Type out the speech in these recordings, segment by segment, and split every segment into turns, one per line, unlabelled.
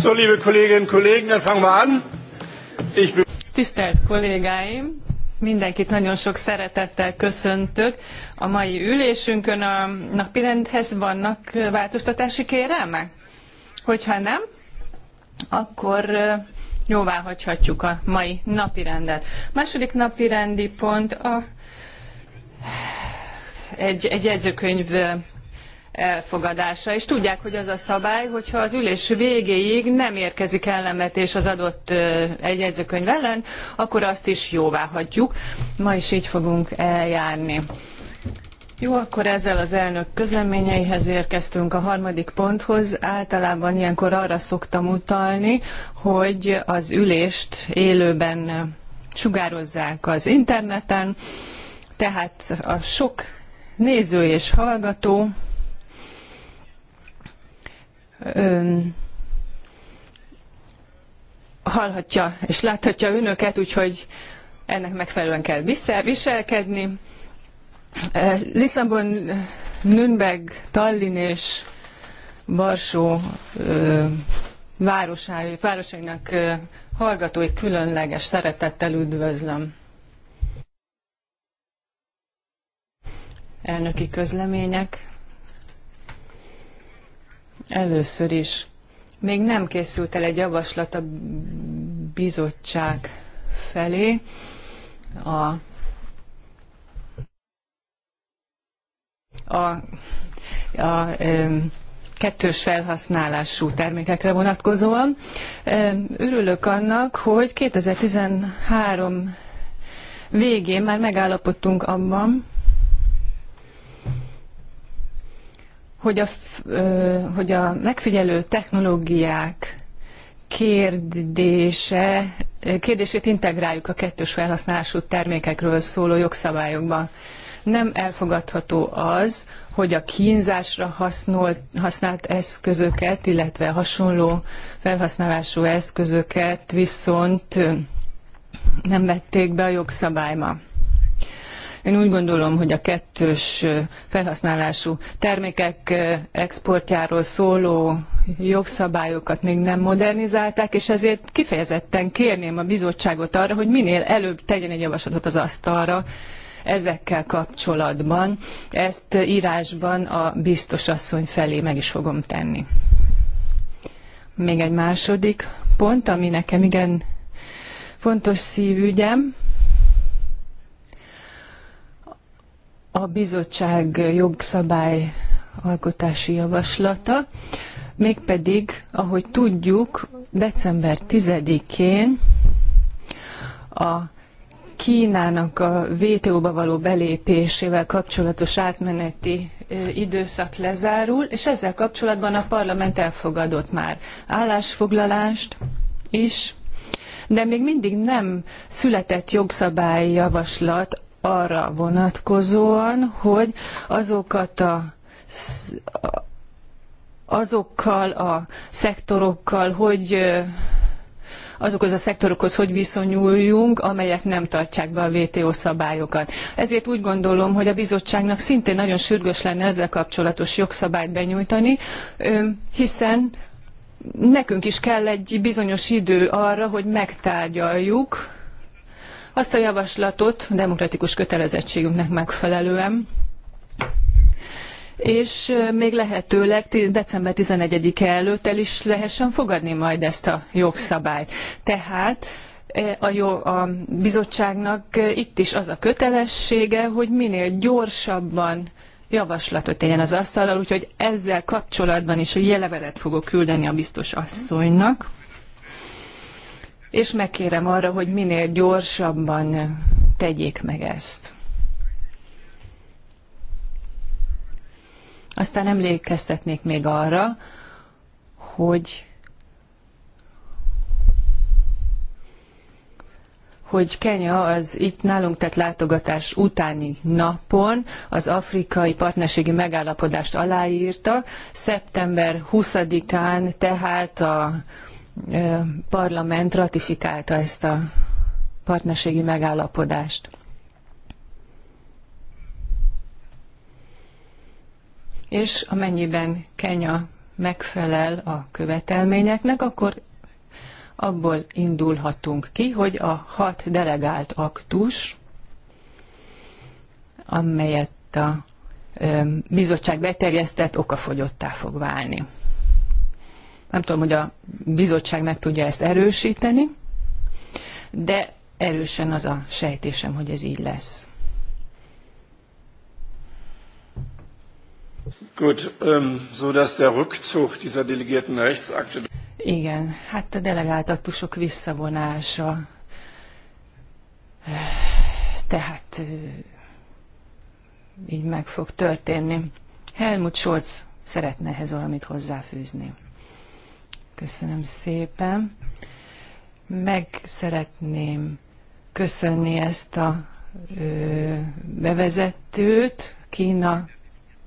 So, liebe Kolleginnen und Kollegen, dann fangen wir an. Ich bin
Tisztelt kollégáim, mindenkit nagyon sok szeretettel köszöntök. A mai ülésünkön a napirendhez vannak változtatási kérelmek? Hogyha nem, akkor jóvá hagyhatjuk a mai napirendet. Második napirendi pont a egy, egy jegyzőkönyv elfogadása. És tudják, hogy az a szabály, hogy ha az ülés végéig nem érkezik ellenvetés az adott egy jegyzőkönyv ellen, akkor azt is jóvá hagyjuk. Ma is így fogunk eljárni. Jó, akkor ezzel az elnök közleményeihez érkeztünk a harmadik ponthoz. Általában ilyenkor arra szoktam utalni, hogy az ülést élőben sugározzák az interneten, tehát a sok néző és hallgató hallhatja és láthatja önöket, úgyhogy ennek megfelelően kell viselkedni. Lisszabon, Nürnberg, Tallinn és Varsó városai, városainak hallgatóit különleges szeretettel üdvözlöm. Elnöki közlemények. Először is még nem készült el egy javaslat a bizottság felé. A, a, a kettős felhasználású termékekre vonatkozóan. Örülök annak, hogy 2013 végén már megállapodtunk abban, hogy a, hogy a megfigyelő technológiák kérdése, kérdését integráljuk a kettős felhasználású termékekről szóló jogszabályokban. Nem elfogadható az, hogy a kínzásra hasznolt, használt eszközöket, illetve hasonló felhasználású eszközöket viszont nem vették be a jogszabályba. Én úgy gondolom, hogy a kettős felhasználású termékek exportjáról szóló jogszabályokat még nem modernizálták, és ezért kifejezetten kérném a bizottságot arra, hogy minél előbb tegyen egy javaslatot az asztalra, ezekkel kapcsolatban. Ezt írásban a biztos asszony felé meg is fogom tenni. Még egy második pont, ami nekem igen fontos szívügyem, a bizottság jogszabályalkotási javaslata, mégpedig, ahogy tudjuk, december 10-én a Kínának a WTO-ba való belépésével kapcsolatos átmeneti időszak lezárul, és ezzel kapcsolatban a parlament elfogadott már állásfoglalást is, de még mindig nem született jogszabályi javaslat arra vonatkozóan, hogy azokat a azokkal a szektorokkal, hogy azokhoz a szektorokhoz hogy viszonyuljunk, amelyek nem tartják be a WTO szabályokat. Ezért úgy gondolom, hogy a bizottságnak szintén nagyon sürgős lenne ezzel kapcsolatos jogszabályt benyújtani, hiszen nekünk is kell egy bizonyos idő arra, hogy megtárgyaljuk azt a javaslatot demokratikus kötelezettségünknek megfelelően, és még lehetőleg december 11-e előtt el is lehessen fogadni majd ezt a jogszabályt. Tehát a, jó, a bizottságnak itt is az a kötelessége, hogy minél gyorsabban javaslatot tegyen az asztalra, úgyhogy ezzel kapcsolatban is egy levelet fogok küldeni a biztos asszonynak és megkérem arra, hogy minél gyorsabban tegyék meg ezt. Aztán emlékeztetnék még arra, hogy hogy Kenya az itt nálunk tett látogatás utáni napon az afrikai partnerségi megállapodást aláírta. Szeptember 20-án tehát a parlament ratifikálta ezt a partnerségi megállapodást. És amennyiben Kenya megfelel a követelményeknek, akkor abból indulhatunk ki, hogy a hat delegált aktus, amelyet a bizottság beterjesztett, okafogyottá fog válni. Nem tudom, hogy a bizottság meg tudja ezt erősíteni, de erősen az a sejtésem, hogy ez így lesz.
Gut, um, so dass der Rückzug dieser delegierten Rechtsakte. Igen,
hát a delegált aktusok visszavonása. Tehát így meg fog történni. Helmut Scholz szeretne ehhez valamit hozzáfűzni. Köszönöm szépen. Meg szeretném köszönni ezt a ö, bevezetőt Kína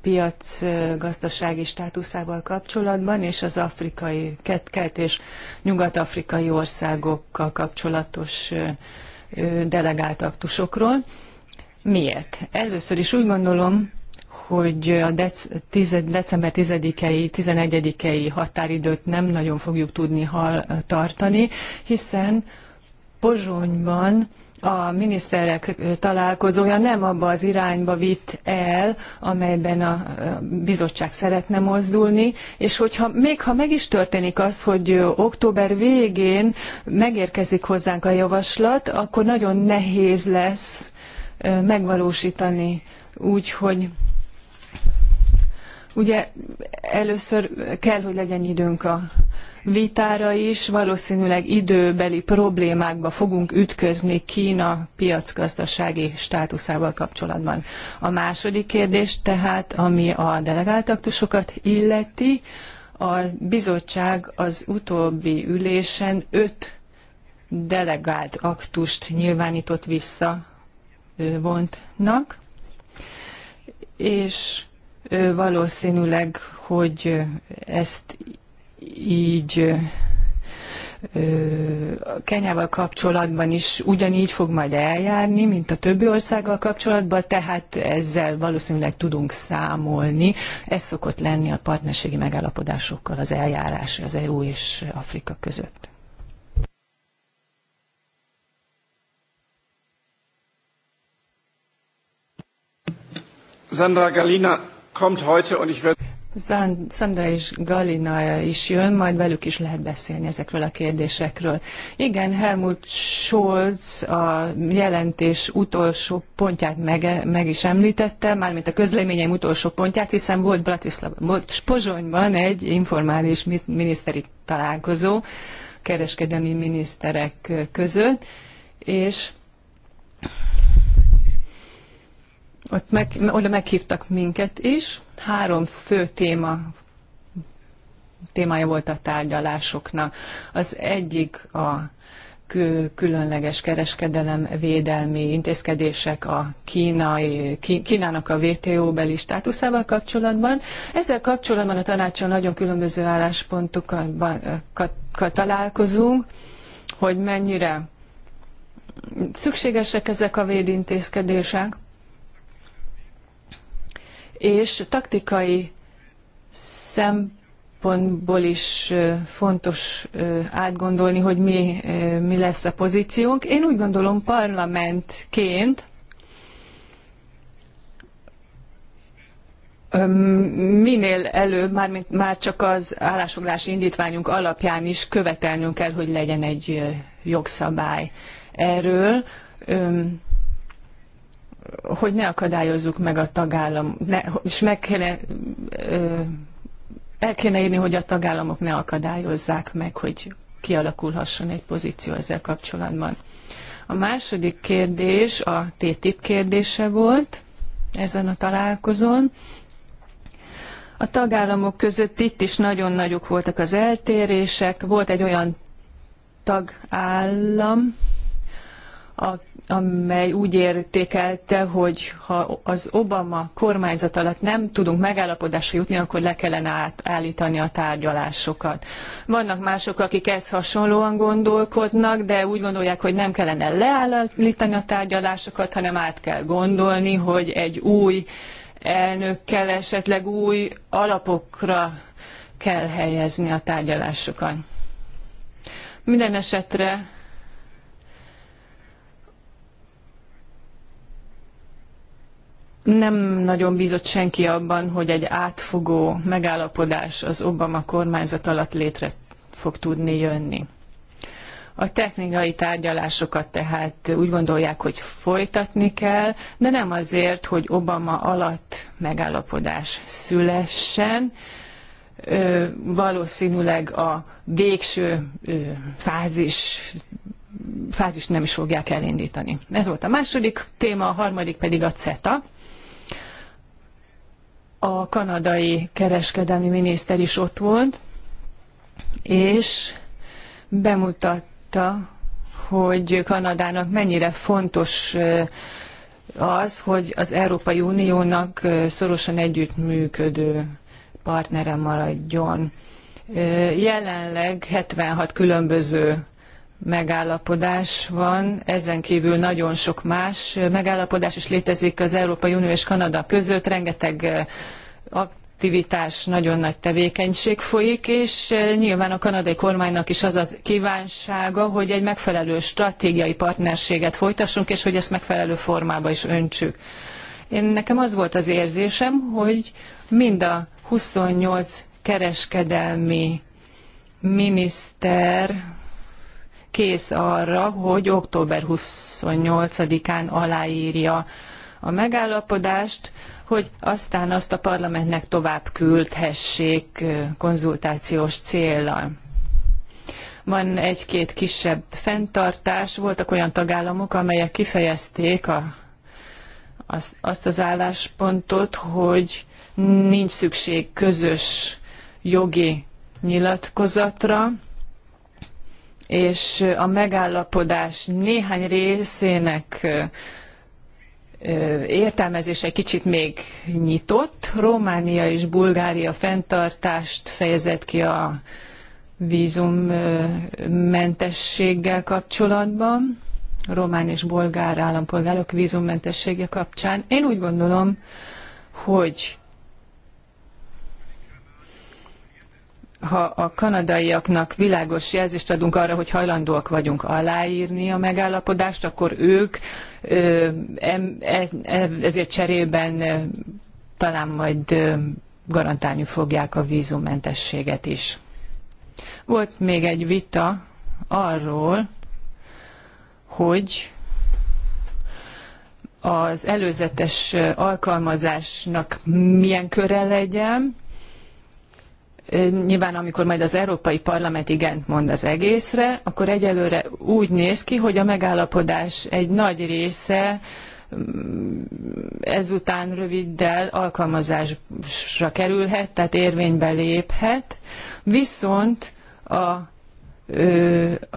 piac gazdasági státuszával kapcsolatban, és az afrikai, ketkelt és nyugat-afrikai országokkal kapcsolatos delegált aktusokról. Miért? Először is úgy gondolom, hogy a dec- tized, december 10-i, 11-i határidőt nem nagyon fogjuk tudni hal- tartani, hiszen Pozsonyban a miniszterek találkozója nem abba az irányba vitt el, amelyben a bizottság szeretne mozdulni, és hogyha még ha meg is történik az, hogy október végén megérkezik hozzánk a javaslat, akkor nagyon nehéz lesz megvalósítani úgy, hogy Ugye először kell, hogy legyen időnk a vitára is, valószínűleg időbeli problémákba fogunk ütközni Kína piacgazdasági státuszával kapcsolatban. A második kérdés tehát, ami a delegált aktusokat illeti, a bizottság az utóbbi ülésen öt delegált aktust nyilvánított vissza vontnak és valószínűleg, hogy ezt így Kenyával kapcsolatban is ugyanígy fog majd eljárni, mint a többi országgal kapcsolatban, tehát ezzel valószínűleg tudunk számolni. Ez szokott lenni a partnerségi megállapodásokkal az eljárás az EU és Afrika között.
Sandra Galina kommt heute und ich werde...
és Galina is jön, majd velük is lehet beszélni ezekről a kérdésekről. Igen, Helmut Scholz a jelentés utolsó pontját meg, meg is említette, mármint a közleményeim utolsó pontját, hiszen volt Bratislava, volt Spozsonyban egy informális miniszteri találkozó kereskedelmi miniszterek között, és Ott meg, oda meghívtak minket is. Három fő téma témája volt a tárgyalásoknak. Az egyik a különleges kereskedelem védelmi intézkedések a kínai, Kínának a WTO beli státuszával kapcsolatban. Ezzel kapcsolatban a tanácson nagyon különböző álláspontokkal találkozunk, hogy mennyire szükségesek ezek a védintézkedések, és taktikai szempontból is fontos átgondolni, hogy mi, mi lesz a pozíciónk. Én úgy gondolom parlamentként, minél előbb, már, már csak az állásfoglalási indítványunk alapján is követelnünk kell, hogy legyen egy jogszabály erről hogy ne akadályozzuk meg a tagállam, ne, és meg kéne, ö, el kéne írni, hogy a tagállamok ne akadályozzák meg, hogy kialakulhasson egy pozíció ezzel kapcsolatban. A második kérdés a TTIP kérdése volt ezen a találkozón. A tagállamok között itt is nagyon nagyok voltak az eltérések. Volt egy olyan tagállam, a, amely úgy értékelte, hogy ha az Obama kormányzat alatt nem tudunk megállapodásra jutni, akkor le kellene átállítani a tárgyalásokat. Vannak mások, akik ezt hasonlóan gondolkodnak, de úgy gondolják, hogy nem kellene leállítani a tárgyalásokat, hanem át kell gondolni, hogy egy új elnökkel esetleg új alapokra kell helyezni a tárgyalásokat. Minden esetre nem nagyon bízott senki abban, hogy egy átfogó megállapodás az Obama kormányzat alatt létre fog tudni jönni. A technikai tárgyalásokat tehát úgy gondolják, hogy folytatni kell, de nem azért, hogy Obama alatt megállapodás szülessen. Ö, valószínűleg a végső ö, fázis fázist nem is fogják elindítani. Ez volt a második téma, a harmadik pedig a CETA a kanadai kereskedelmi miniszter is ott volt, és bemutatta, hogy Kanadának mennyire fontos az, hogy az Európai Uniónak szorosan együttműködő partnere maradjon. Jelenleg 76 különböző megállapodás van, ezen kívül nagyon sok más megállapodás is létezik az Európai Unió és Kanada között, rengeteg eh, aktivitás, nagyon nagy tevékenység folyik, és eh, nyilván a kanadai kormánynak is az az kívánsága, hogy egy megfelelő stratégiai partnerséget folytassunk, és hogy ezt megfelelő formába is öntsük. Én nekem az volt az érzésem, hogy mind a 28 kereskedelmi miniszter kész arra, hogy október 28-án aláírja a megállapodást, hogy aztán azt a parlamentnek tovább küldhessék konzultációs céllal. Van egy-két kisebb fenntartás, voltak olyan tagállamok, amelyek kifejezték a, azt, azt az álláspontot, hogy nincs szükség közös jogi nyilatkozatra, és a megállapodás néhány részének értelmezése egy kicsit még nyitott. Románia és Bulgária fenntartást fejezett ki a vízummentességgel kapcsolatban, román és bolgár állampolgárok vízummentessége kapcsán. Én úgy gondolom, hogy ha a kanadaiaknak világos jelzést adunk arra, hogy hajlandóak vagyunk aláírni a megállapodást, akkor ők e, e, ezért cserében talán majd garantálni fogják a vízummentességet is. Volt még egy vita arról, hogy az előzetes alkalmazásnak milyen köre legyen, Nyilván, amikor majd az Európai Parlament igent mond az egészre, akkor egyelőre úgy néz ki, hogy a megállapodás egy nagy része mm, ezután röviddel alkalmazásra kerülhet, tehát érvénybe léphet, viszont a,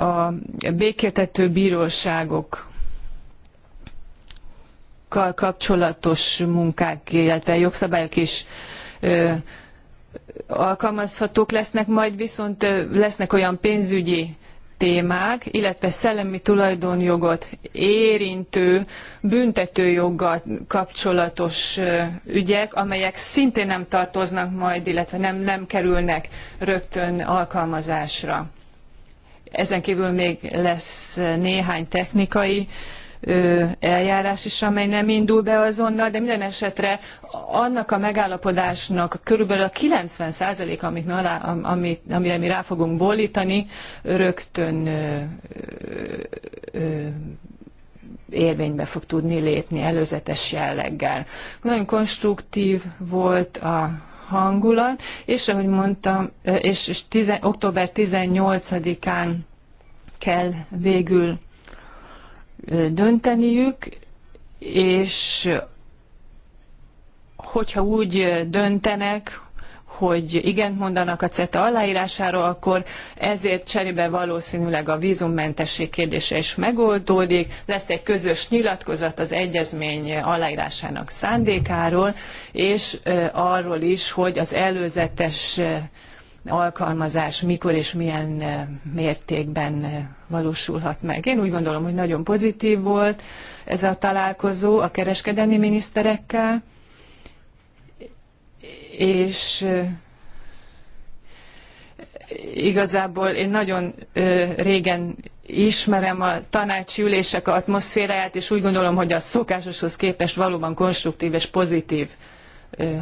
a békéltető bíróságok kapcsolatos munkák, illetve jogszabályok is alkalmazhatók lesznek, majd viszont lesznek olyan pénzügyi témák, illetve szellemi tulajdonjogot érintő büntetőjoggal kapcsolatos ügyek, amelyek szintén nem tartoznak majd, illetve nem, nem kerülnek rögtön alkalmazásra. Ezen kívül még lesz néhány technikai uh, eljárás is, amely nem indul be azonnal, de minden esetre annak a megállapodásnak körülbelül a 90% amit mi alá, amit, amire mi rá fogunk bólítani, rögtön ö, ö, érvénybe fog tudni lépni előzetes jelleggel. Nagyon konstruktív volt a hangulat, és ahogy mondtam, és, és október 18-án kell végül dönteniük, és hogyha úgy döntenek, hogy igent mondanak a CETA aláírásáról, akkor ezért cserébe valószínűleg a vízummentesség kérdése is megoldódik, lesz egy közös nyilatkozat az egyezmény aláírásának szándékáról, és arról is, hogy az előzetes alkalmazás mikor és milyen mértékben valósulhat meg. Én úgy gondolom, hogy nagyon pozitív volt ez a találkozó a kereskedelmi miniszterekkel, és igazából én nagyon régen ismerem a tanácsi ülések atmoszféráját, és úgy gondolom, hogy a szokásoshoz képest valóban konstruktív és pozitív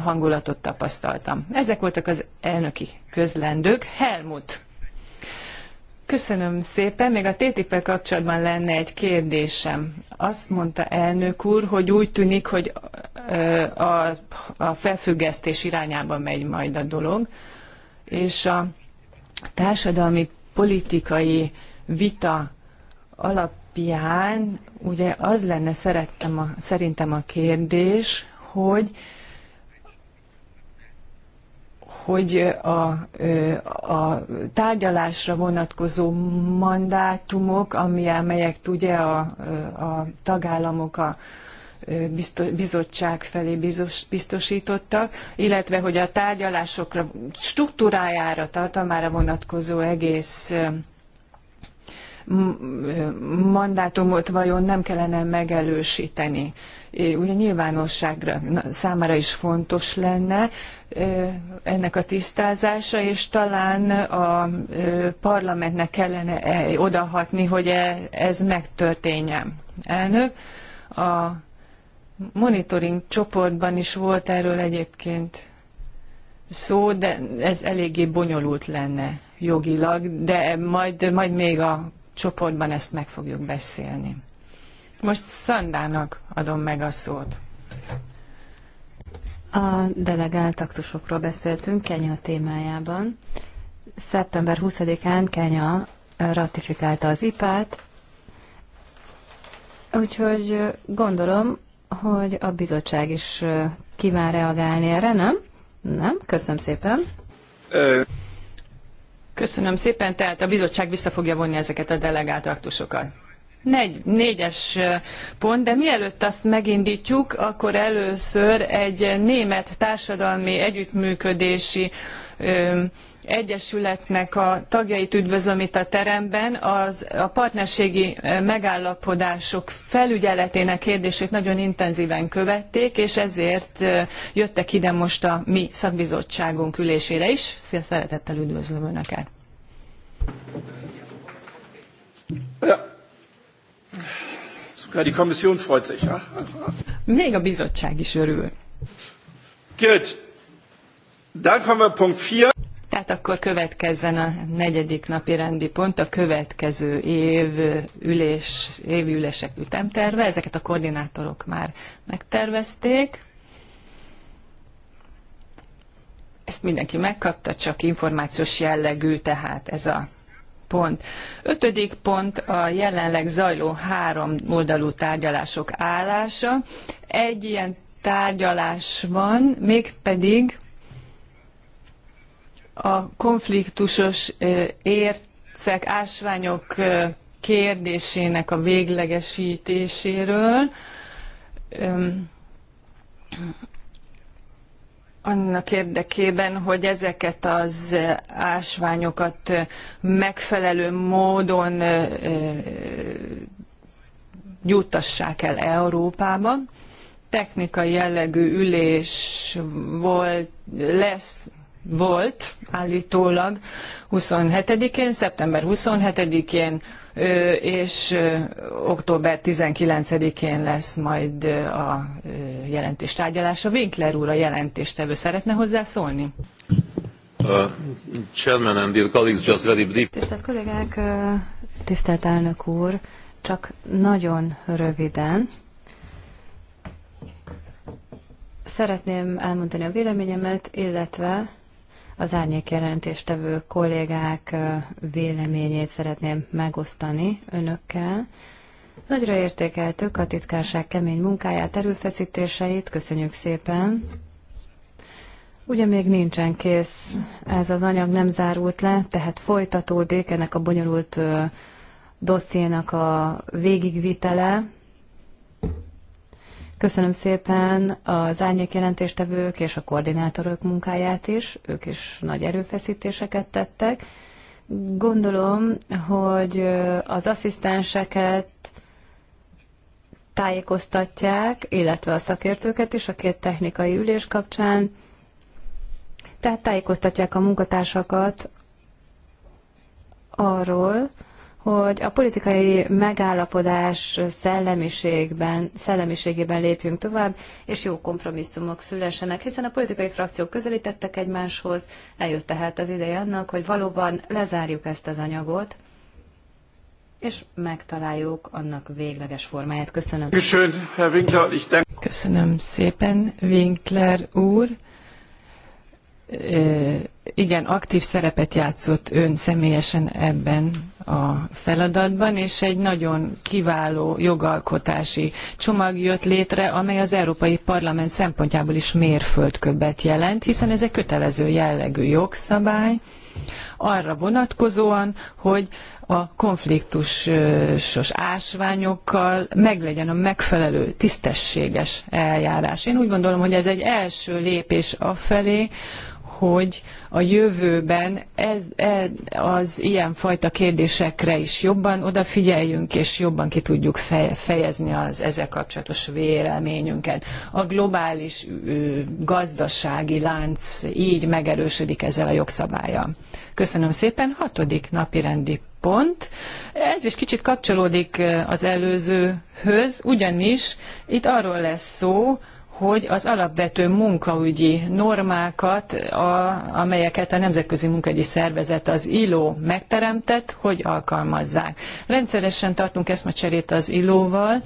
hangulatot tapasztaltam. Ezek voltak az elnöki közlendők. Helmut, Köszönöm szépen. Még a ttip kapcsolatban lenne egy kérdésem. Azt mondta elnök úr, hogy úgy tűnik, hogy a, a felfüggesztés irányába megy majd a dolog, és a társadalmi politikai vita alapján ugye az lenne szerettem a, szerintem a kérdés, hogy hogy a, a tárgyalásra vonatkozó mandátumok, ami, amelyek ugye a, a tagállamok a bizottság felé biztosítottak, illetve hogy a tárgyalásokra struktúrájára, tartalmára vonatkozó egész mandátumot vajon nem kellene megelősíteni. Ugye nyilvánosságra számára is fontos lenne ennek a tisztázása, és talán a parlamentnek kellene e, odahatni, hogy e, ez megtörténjen. Elnök, a monitoring csoportban is volt erről egyébként szó, de ez eléggé bonyolult lenne jogilag, de majd, majd még a csoportban ezt meg fogjuk beszélni. Most Szandának adom meg a szót.
A delegált aktusokról beszéltünk Kenya témájában. Szeptember 20-án Kenya ratifikálta az IPÁT, úgyhogy gondolom, hogy a bizottság is kíván reagálni erre, nem? Nem?
Köszönöm szépen. Ö Köszönöm szépen, tehát a bizottság vissza fogja vonni ezeket a delegált aktusokat. négyes pont, de mielőtt azt megindítjuk, akkor először egy német társadalmi együttműködési ö, Egyesületnek a tagjait üdvözlöm itt a teremben. Az, a partnerségi megállapodások felügyeletének kérdését nagyon intenzíven követték, és ezért jöttek ide most a mi szakbizottságunk ülésére is. Szeretettel üdvözlöm Önöket! Ja.
Sogar die Kommission freut sich. Ja?
Még a bizottság is örül.
Good. Dann kommen wir Punkt 4.
Tehát akkor következzen a negyedik napi rendi pont, a következő év ülés, évi ülések ütemterve. Ezeket a koordinátorok már megtervezték. Ezt mindenki megkapta, csak információs jellegű, tehát ez a pont. Ötödik pont a jelenleg zajló három oldalú tárgyalások állása. Egy ilyen tárgyalás van, mégpedig a konfliktusos ércek, ásványok kérdésének a véglegesítéséről. Annak érdekében, hogy ezeket az ásványokat megfelelő módon juttassák el Európába. Technikai jellegű ülés volt, lesz volt állítólag 27-én, szeptember 27-én, és október 19-én lesz majd a jelentés tárgyalása. Winkler úr a jelentéstevő szeretne hozzászólni?
Uh, chairman and dear colleagues, just very brief. Tisztelt
kollégák,
tisztelt elnök úr, csak nagyon röviden. Szeretném elmondani a véleményemet, illetve az árnyék jelentéstevő kollégák véleményét szeretném megosztani önökkel. Nagyra értékeltük a titkárság kemény munkáját, erőfeszítéseit, köszönjük szépen. Ugye még nincsen kész, ez az anyag nem zárult le, tehát folytatódik ennek a bonyolult dossziénak a végigvitele, Köszönöm szépen az árnyék jelentéstevők és a koordinátorok munkáját is, ők is nagy erőfeszítéseket tettek. Gondolom, hogy az asszisztenseket tájékoztatják, illetve a szakértőket is a két technikai ülés kapcsán. Tehát tájékoztatják a munkatársakat arról, hogy a politikai megállapodás szellemiségben, szellemiségében lépjünk tovább, és jó kompromisszumok szülessenek, hiszen a politikai frakciók közelítettek egymáshoz, eljött tehát az ideje annak, hogy valóban lezárjuk ezt az anyagot, és megtaláljuk annak végleges formáját. Köszönöm.
Köszönöm szépen, Winkler úr igen, aktív szerepet játszott ön személyesen ebben a feladatban, és egy nagyon kiváló jogalkotási csomag jött létre, amely az Európai Parlament szempontjából is mérföldkövet jelent, hiszen ez egy kötelező jellegű jogszabály, arra vonatkozóan, hogy a konfliktusos ásványokkal meglegyen a megfelelő tisztességes eljárás. Én úgy gondolom, hogy ez egy első lépés afelé, hogy a jövőben ez, ez, az fajta kérdésekre is jobban odafigyeljünk, és jobban ki tudjuk fejezni az ezzel kapcsolatos véleményünket. A globális gazdasági lánc így megerősödik ezzel a jogszabálya. Köszönöm szépen. Hatodik napirendi pont. Ez is kicsit kapcsolódik e, az előzőhöz, ugyanis itt arról lesz szó, hogy az alapvető munkaügyi normákat, a, amelyeket a Nemzetközi Munkaügyi Szervezet, az ILO megteremtett, hogy alkalmazzák. Rendszeresen tartunk eszmecserét az ILO-val,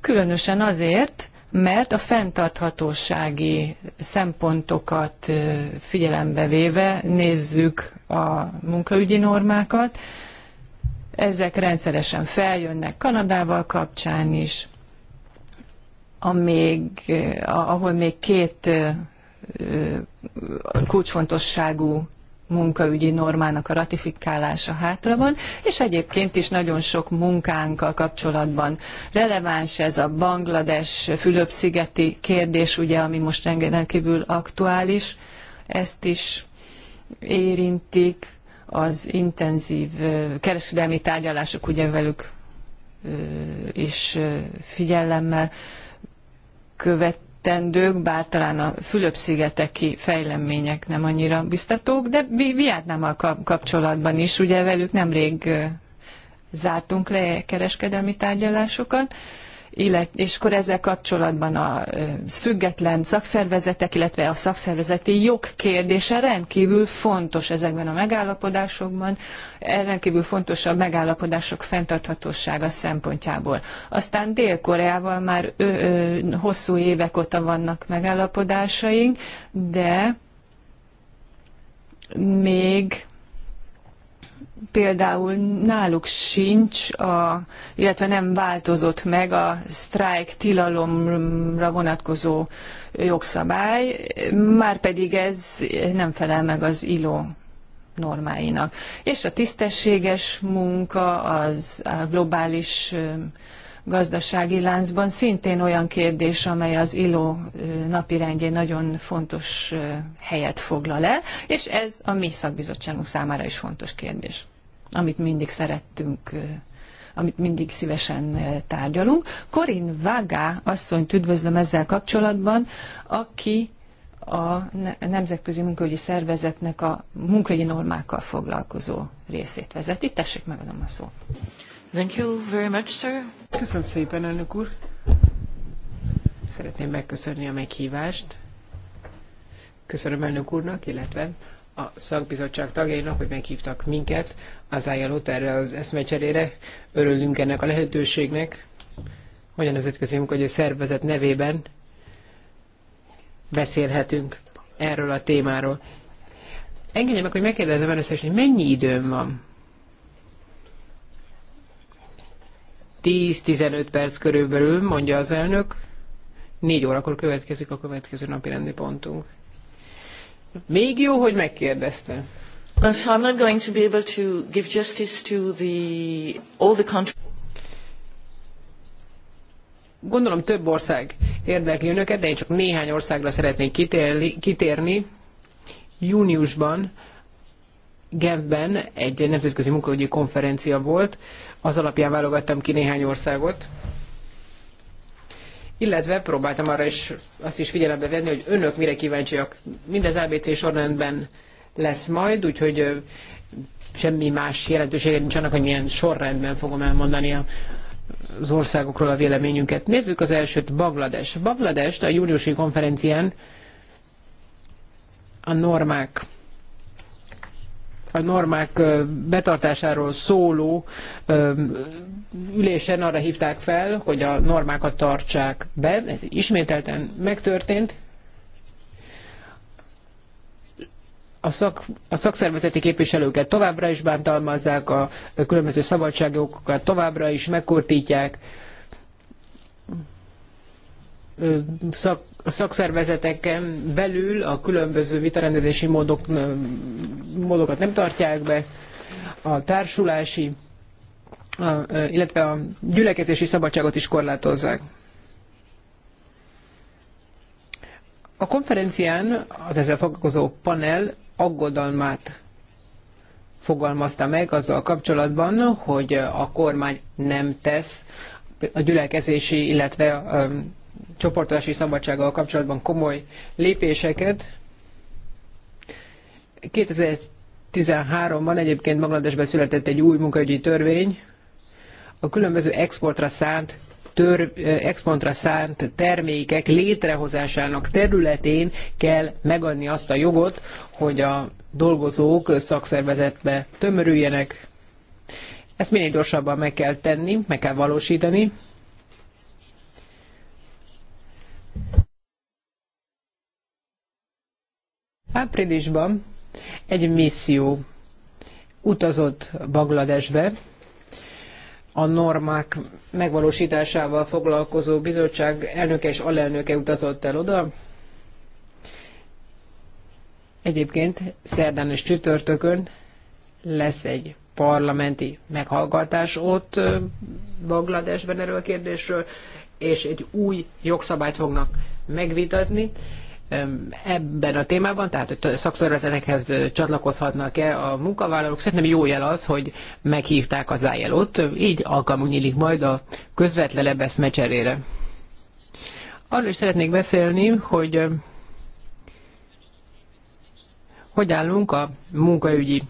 különösen azért, mert a fenntarthatósági szempontokat figyelembe véve nézzük a munkaügyi normákat. Ezek rendszeresen feljönnek Kanadával kapcsán is, amíg, ahol még két kulcsfontosságú munkaügyi normának a ratifikálása hátra van, és egyébként is nagyon sok munkánkkal kapcsolatban releváns ez a Banglades Fülöp-szigeti kérdés, ugye, ami most rendkívül aktuális, ezt is érintik az intenzív kereskedelmi tárgyalások, ugye velük is figyelemmel követendők, bár talán a Fülöp-szigeteki fejlemények nem annyira biztatók, de Vietnámmal kapcsolatban is, ugye velük nemrég zártunk le kereskedelmi tárgyalásokat illet, és akkor ezzel kapcsolatban a független szakszervezetek, illetve a szakszervezeti jog kérdése rendkívül fontos ezekben a megállapodásokban, e, rendkívül fontos a megállapodások fenntarthatósága szempontjából. Aztán Dél-Koreával már ö, ö, hosszú évek óta vannak megállapodásaink, de még például náluk sincs, a, illetve nem változott meg a sztrájk tilalomra vonatkozó jogszabály, már pedig ez nem felel meg az ILO normáinak. És a tisztességes munka, az a globális gazdasági láncban szintén olyan kérdés, amely az ILO napirendjén nagyon fontos helyet foglal el, és ez a mi szakbizottságunk számára is fontos kérdés, amit mindig szerettünk amit mindig szívesen tárgyalunk. Korin Vágá asszonyt üdvözlöm ezzel kapcsolatban, aki a Nemzetközi Munkahogyi Szervezetnek a munkahogyi normákkal foglalkozó részét vezeti. Tessék,
megadom a szót. Thank you very much, sir. Köszönöm szépen, elnök úr. Szeretném megköszönni a meghívást. Köszönöm elnök úrnak, illetve a szakbizottság tagjainak, hogy meghívtak minket az ilo erre az eszmecserére. Örülünk ennek a lehetőségnek, hogy a Nemzetközi a Szervezet nevében beszélhetünk erről a témáról. Engedje meg, hogy megkérdezem először, hogy mennyi időm van? 10-15 perc körülbelül, mondja az elnök. 4 órakor következik a következő napi rendi pontunk. Még jó, hogy megkérdezte. Uh, Gondolom több ország érdekli önöket, de én csak néhány országra szeretnék kitérni. kitérni. Júniusban Genfben egy nemzetközi munkaügyi konferencia volt, az alapján válogattam ki néhány országot, illetve próbáltam arra is azt is figyelembe venni, hogy önök mire kíváncsiak. az ABC sorrendben lesz majd, úgyhogy semmi más jelentősége nincs annak, hogy milyen sorrendben fogom elmondani a az országokról a véleményünket. Nézzük az elsőt, Banglades. Bangladest a júniusi konferencián a normák a normák betartásáról szóló ülésen arra hívták fel, hogy a normákat tartsák be. Ez ismételten megtörtént. A, szak, a szakszervezeti képviselőket továbbra is bántalmazzák, a különböző szabadságokat továbbra is megkortítják szak, szakszervezeteken belül a különböző vitarendezési módok, módokat nem tartják be, a társulási, a, illetve a gyülekezési szabadságot is korlátozzák. A konferencián az ezzel foglalkozó panel aggodalmát fogalmazta meg azzal kapcsolatban, hogy a kormány nem tesz a gyülekezési, illetve a csoportolási szabadsággal kapcsolatban komoly lépéseket. 2013-ban egyébként Magladesben született egy új munkaügyi törvény, a különböző exportra szánt tör, exportra szánt termékek létrehozásának területén kell megadni azt a jogot, hogy a dolgozók szakszervezetbe tömörüljenek. Ezt minél gyorsabban meg kell tenni, meg kell valósítani. Áprilisban egy misszió utazott Bangladesbe, a normák megvalósításával foglalkozó bizottság elnöke és alelnöke utazott el oda. Egyébként szerdán és csütörtökön lesz egy parlamenti meghallgatás ott Bangladesben erről a kérdésről, és egy új jogszabályt fognak megvitatni ebben a témában, tehát hogy szakszervezetekhez csatlakozhatnak-e a munkavállalók. Szerintem jó jel az, hogy meghívták az ilo így alkalmunk nyílik majd a közvetlenebb eszmecserére. Arról is szeretnék beszélni, hogy hogy állunk a munkaügyi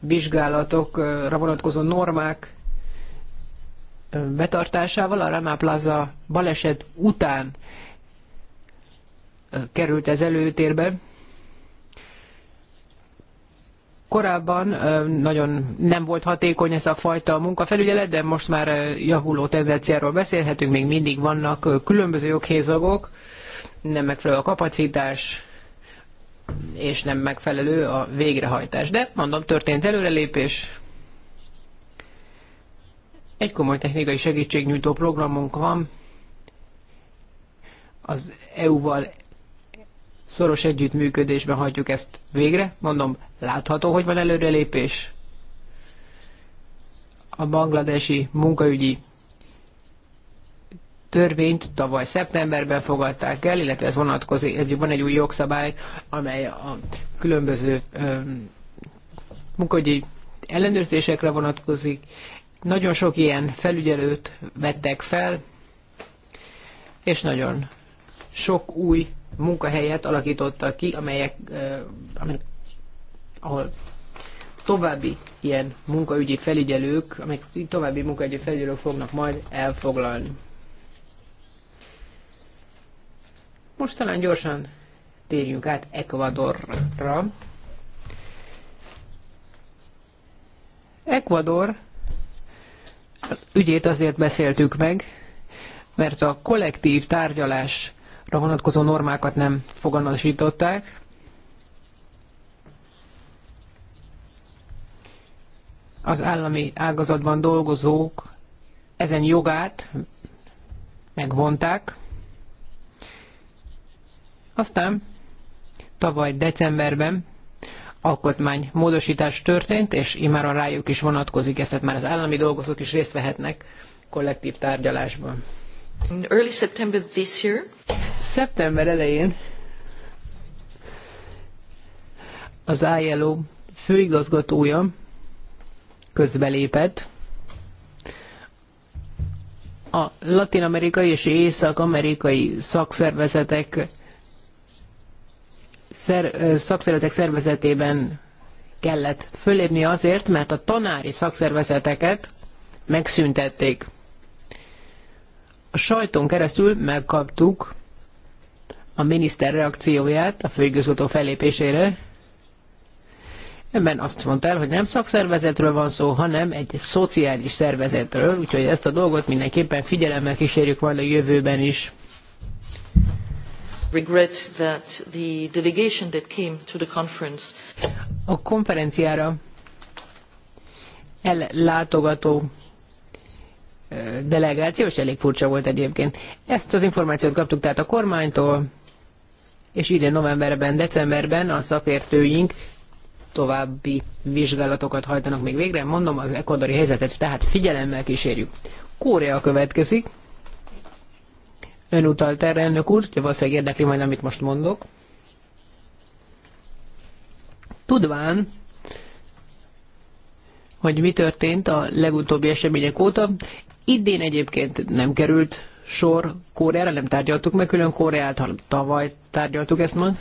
vizsgálatokra vonatkozó normák betartásával a Rana Plaza baleset után került ez előtérbe. Korábban nagyon nem volt hatékony ez a fajta munkafelügyelet, de most már javuló tendenciáról beszélhetünk, még mindig vannak különböző joghézagok, nem megfelelő a kapacitás, és nem megfelelő a végrehajtás. De mondom, történt előrelépés. Egy komoly technikai segítségnyújtó programunk van, az EU-val szoros együttműködésben hagyjuk ezt végre. Mondom, látható, hogy van előrelépés. A bangladesi munkaügyi törvényt tavaly szeptemberben fogadták el, illetve ez vonatkozik, van egy új jogszabály, amely a különböző munkaügyi ellenőrzésekre vonatkozik. Nagyon sok ilyen felügyelőt vettek fel, és nagyon sok új munkahelyet alakítottak ki, amelyek, amelyek ahol további ilyen munkaügyi felügyelők, amelyek további munkaügyi felügyelők fognak majd elfoglalni. Most talán gyorsan térjünk át Ecuadorra. Ecuador ügyét azért beszéltük meg, mert a kollektív tárgyalás vonatkozó normákat nem foganasították. Az állami ágazatban dolgozók ezen jogát megvonták. Aztán tavaly decemberben alkotmány módosítás történt, és immár rájuk is vonatkozik, ezt már az állami dolgozók is részt vehetnek kollektív tárgyalásban.
In early September this year.
Szeptember elején az ILO főigazgatója közbelépett a latin-amerikai és észak-amerikai szakszervezetek szer, szakszervezetek szervezetében kellett fölépni azért, mert a tanári szakszervezeteket megszüntették. A sajton keresztül megkaptuk a miniszter reakcióját a főigazgató fellépésére. Ebben azt mondta el, hogy nem szakszervezetről van szó, hanem egy szociális szervezetről, úgyhogy ezt a dolgot mindenképpen figyelemmel kísérjük majd a jövőben is.
that the delegation that came to the conference.
A konferenciára ellátogató delegáció, és elég furcsa volt egyébként. Ezt az információt kaptuk tehát a kormánytól, és idén novemberben, decemberben a szakértőink további vizsgálatokat hajtanak még végre. Mondom, az ekodori helyzetet tehát figyelemmel kísérjük. Korea következik. Ön utalt erre, elnök úr, hogy valószínűleg érdekli majd, amit most mondok. Tudván, hogy mi történt a legutóbbi események óta, Idén egyébként nem került sor Koreára, nem tárgyaltuk meg külön Koreát, hanem tavaly tárgyaltuk ezt mond.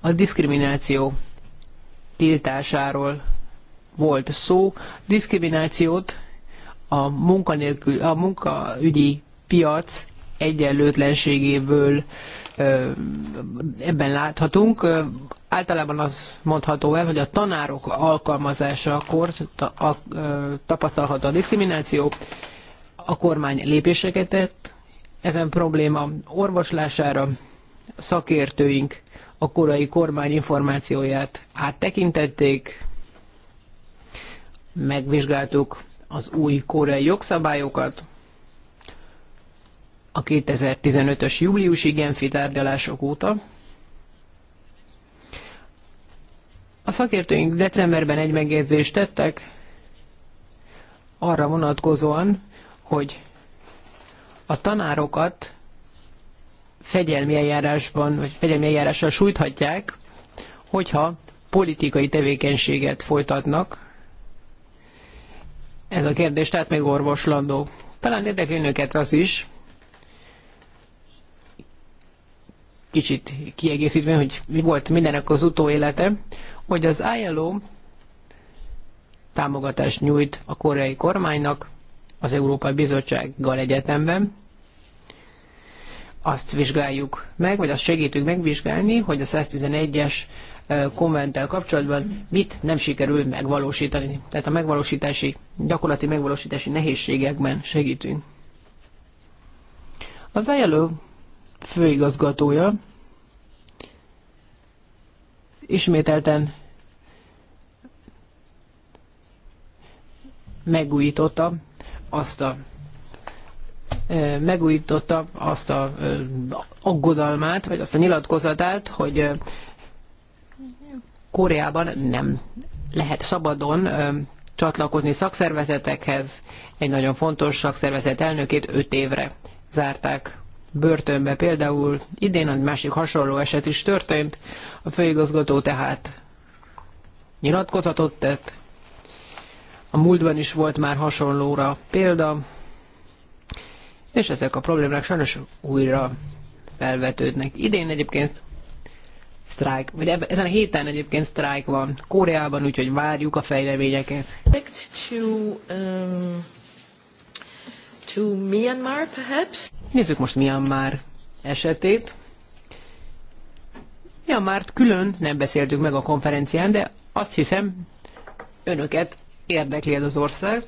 A diszkrimináció tiltásáról volt szó. Diszkriminációt a, munkanélkül, a munkaügyi piac egyenlőtlenségéből ebben láthatunk. Általában az mondható el, hogy a tanárok alkalmazásakor tapasztalható a diszkrimináció, a kormány lépéseket tett ezen probléma orvoslására, szakértőink a korai kormány információját áttekintették, megvizsgáltuk az új koreai jogszabályokat, a 2015-ös júliusi Genfi tárgyalások óta. A szakértőink decemberben egy megjegyzést tettek arra vonatkozóan, hogy a tanárokat fegyelmi eljárásban, vagy fegyelmi eljárással sújthatják, hogyha politikai tevékenységet folytatnak. Ez a kérdés tehát még orvoslandó. Talán érdekli önöket az is, kicsit kiegészítve, hogy mi volt mindenek az utóélete, hogy az ILO támogatást nyújt a koreai kormánynak az Európai Bizottsággal egyetemben. Azt vizsgáljuk meg, vagy azt segítünk megvizsgálni, hogy a 111-es konventtel kapcsolatban mit nem sikerült megvalósítani. Tehát a megvalósítási, gyakorlati megvalósítási nehézségekben segítünk. Az ILO főigazgatója ismételten megújította azt a megújította azt a aggodalmát, vagy azt a nyilatkozatát, hogy Koreában nem lehet szabadon csatlakozni szakszervezetekhez. Egy nagyon fontos szakszervezet elnökét öt évre zárták börtönbe. Például idén egy másik hasonló eset is történt, a főigazgató tehát nyilatkozatot tett, a múltban is volt már hasonlóra példa, és ezek a problémák sajnos újra felvetődnek. Idén egyébként sztrájk, vagy ezen a héten egyébként sztrájk van Koreában, úgyhogy várjuk a fejleményeket. To, um to Myanmar, perhaps? Nézzük most Myanmar esetét. Myanmart külön nem beszéltük meg a konferencián, de azt hiszem, önöket érdekli ez az ország.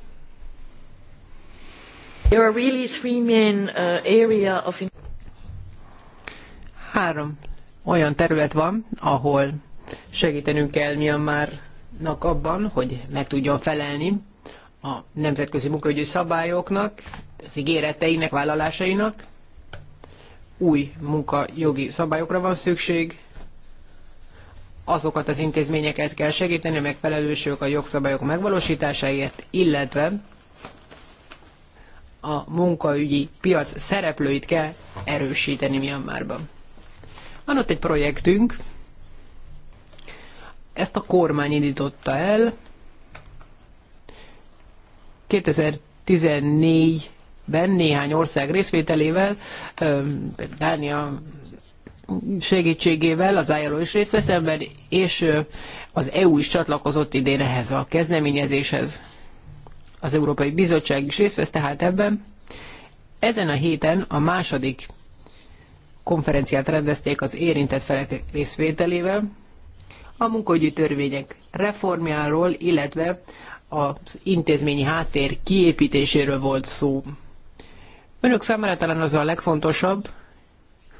There are really three main uh, area of... Három olyan terület van, ahol segítenünk kell Myanmarnak abban, hogy meg tudjon felelni a nemzetközi munkaügyi szabályoknak, az ígéreteinek, vállalásainak. Új munkajogi szabályokra van szükség, azokat az intézményeket kell segíteni, amelyek felelősök a jogszabályok megvalósításáért, illetve a munkaügyi piac szereplőit kell erősíteni Myanmarban. Van ott egy projektünk, ezt a kormány indította el. 2014 ben néhány ország részvételével, Dánia segítségével az ILO is részt vesz ebben, és az EU is csatlakozott idén ehhez a kezdeményezéshez. Az Európai Bizottság is részt vesz tehát ebben. Ezen a héten a második konferenciát rendezték az érintett felek részvételével a munkaügyi törvények reformjáról, illetve az intézményi háttér kiépítéséről volt szó. Önök számára talán az a legfontosabb,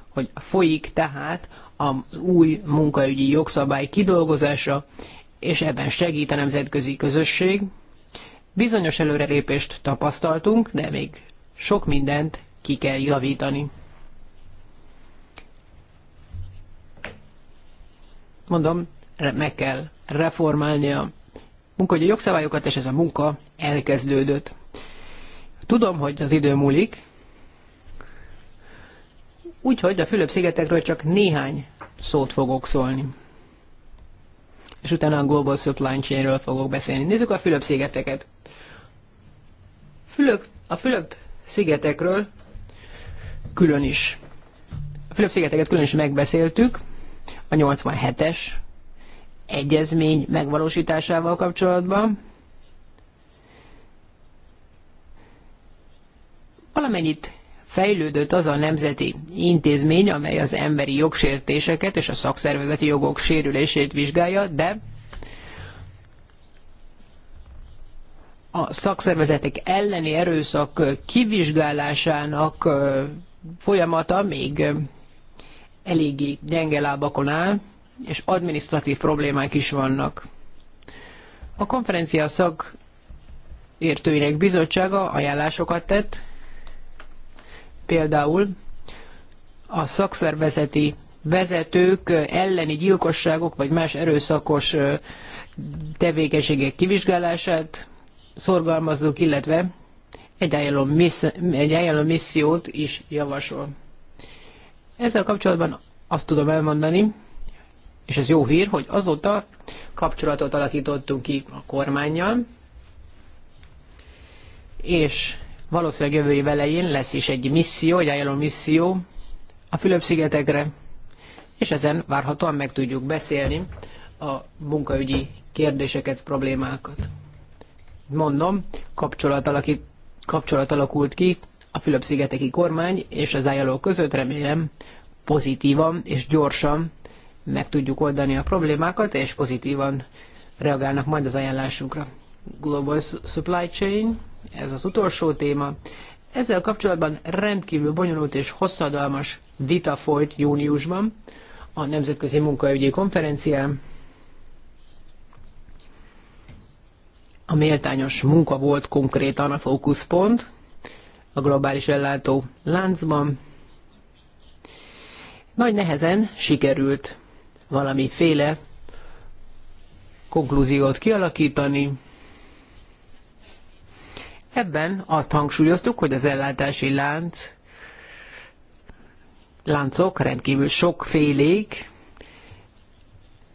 hogy folyik tehát az új munkaügyi jogszabály kidolgozása, és ebben segít a nemzetközi közösség. Bizonyos előrelépést tapasztaltunk, de még sok mindent ki kell javítani. Mondom, meg kell reformálni a munkahogyi jogszabályokat, és ez a munka elkezdődött. Tudom, hogy az idő múlik, Úgyhogy a Fülöp-szigetekről csak néhány szót fogok szólni. És utána a Global Supply Chainről fogok beszélni. Nézzük a Fülöp-szigeteket. Fülök, a Fülöp-szigetekről külön is. A Fülöp-szigeteket külön is megbeszéltük a 87-es egyezmény megvalósításával kapcsolatban. Valamennyit fejlődött az a nemzeti intézmény, amely az emberi jogsértéseket és a szakszervezeti jogok sérülését vizsgálja, de a szakszervezetek elleni erőszak kivizsgálásának folyamata még eléggé gyenge lábakon áll, és administratív problémák is vannak. A konferencia szakértőinek bizottsága ajánlásokat tett, Például a szakszervezeti vezetők elleni gyilkosságok vagy más erőszakos tevékenységek kivizsgálását szorgalmazzuk, illetve egy ajánló, missziót is javasol. Ezzel kapcsolatban azt tudom elmondani, és ez jó hír, hogy azóta kapcsolatot alakítottunk ki a kormányjal, és Valószínűleg jövő év elején lesz is egy misszió, egy ajánló misszió a Fülöp-szigetekre, és ezen várhatóan meg tudjuk beszélni a munkaügyi kérdéseket, problémákat. Mondom, kapcsolat, alakít, kapcsolat alakult ki a Fülöp-szigeteki kormány és az ILO között, remélem pozitívan és gyorsan meg tudjuk oldani a problémákat, és pozitívan reagálnak majd az ajánlásunkra. Global Supply Chain ez az utolsó téma. Ezzel kapcsolatban rendkívül bonyolult és hosszadalmas vita folyt júniusban a Nemzetközi Munkaügyi Konferencián. A méltányos munka volt konkrétan a fókuszpont a globális ellátó láncban. Nagy nehezen sikerült valamiféle konklúziót kialakítani, Ebben azt hangsúlyoztuk, hogy az ellátási lánc láncok rendkívül sokfélék,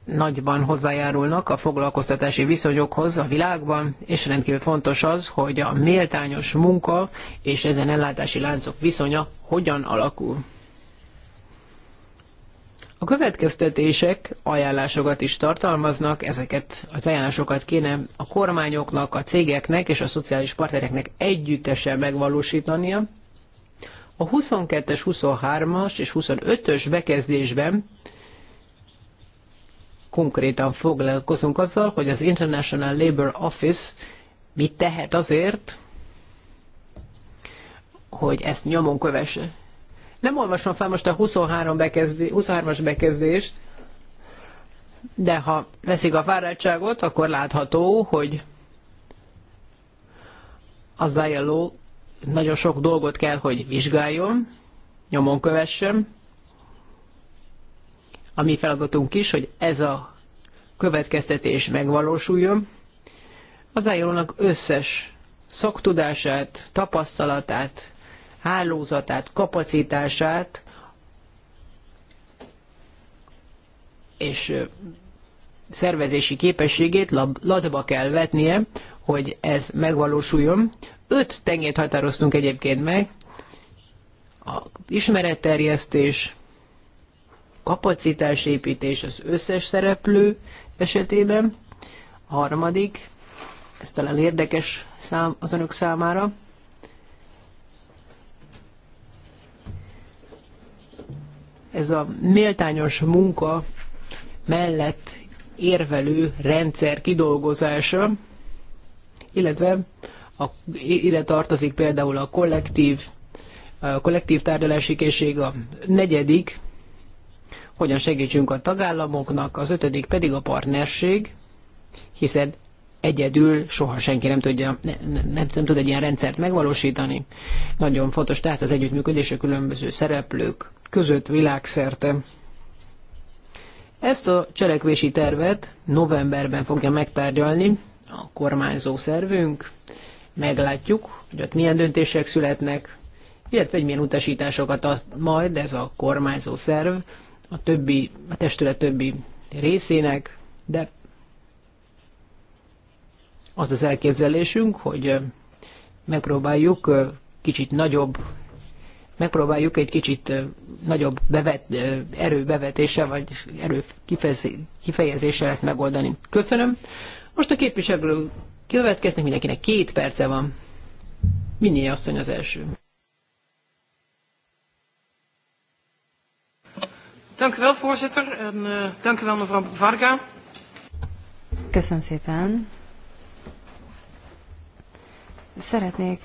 nagyban hozzájárulnak a foglalkoztatási viszonyokhoz a világban, és rendkívül fontos az, hogy a méltányos munka és ezen ellátási láncok viszonya hogyan alakul. A következtetések ajánlásokat is tartalmaznak, ezeket az ajánlásokat kéne a kormányoknak, a cégeknek és a szociális partnereknek együttesen megvalósítania. A 22-es, 23-as és 25-ös bekezdésben konkrétan foglalkozunk azzal, hogy az International Labour Office mit tehet azért, hogy ezt nyomon kövesse. Nem olvasom fel most a 23 bekezdé, 23-as bekezdést, de ha veszik a fáradtságot, akkor látható, hogy az ILO nagyon sok dolgot kell, hogy vizsgáljon, nyomon kövessem, A mi feladatunk is, hogy ez a következtetés megvalósuljon. Az ilo összes szaktudását, tapasztalatát hálózatát, kapacitását, és szervezési képességét ladba kell vetnie, hogy ez megvalósuljon. Öt tengét határoztunk egyébként meg, a ismeretterjesztés, kapacitásépítés az összes szereplő esetében, a harmadik, ez talán érdekes szám az önök számára, ez a méltányos munka mellett érvelő rendszer kidolgozása, illetve a, ide tartozik például a kollektív, a kollektív tárgyalási készség, a negyedik, hogyan segítsünk a tagállamoknak, az ötödik pedig a partnerség, hiszen egyedül soha senki nem tudja, ne, ne, nem, nem tud egy ilyen rendszert megvalósítani. Nagyon fontos tehát az együttműködés a különböző szereplők között világszerte. Ezt a cselekvési tervet novemberben fogja megtárgyalni a kormányzó szervünk. Meglátjuk, hogy ott milyen döntések születnek, illetve hogy milyen utasításokat ad majd ez a kormányzó szerv a, többi, a testület többi részének, de az az elképzelésünk, hogy megpróbáljuk kicsit nagyobb megpróbáljuk egy kicsit nagyobb bevet, erőbevetése, vagy erő kifejezéssel ezt megoldani. Köszönöm. Most a képviselő következnek, mindenkinek két perce van. Minnyi asszony az első. Dank u wel, voorzitter. En uh, dank u wel, mevrouw Varga.
Köszönöm szépen. Szeretnék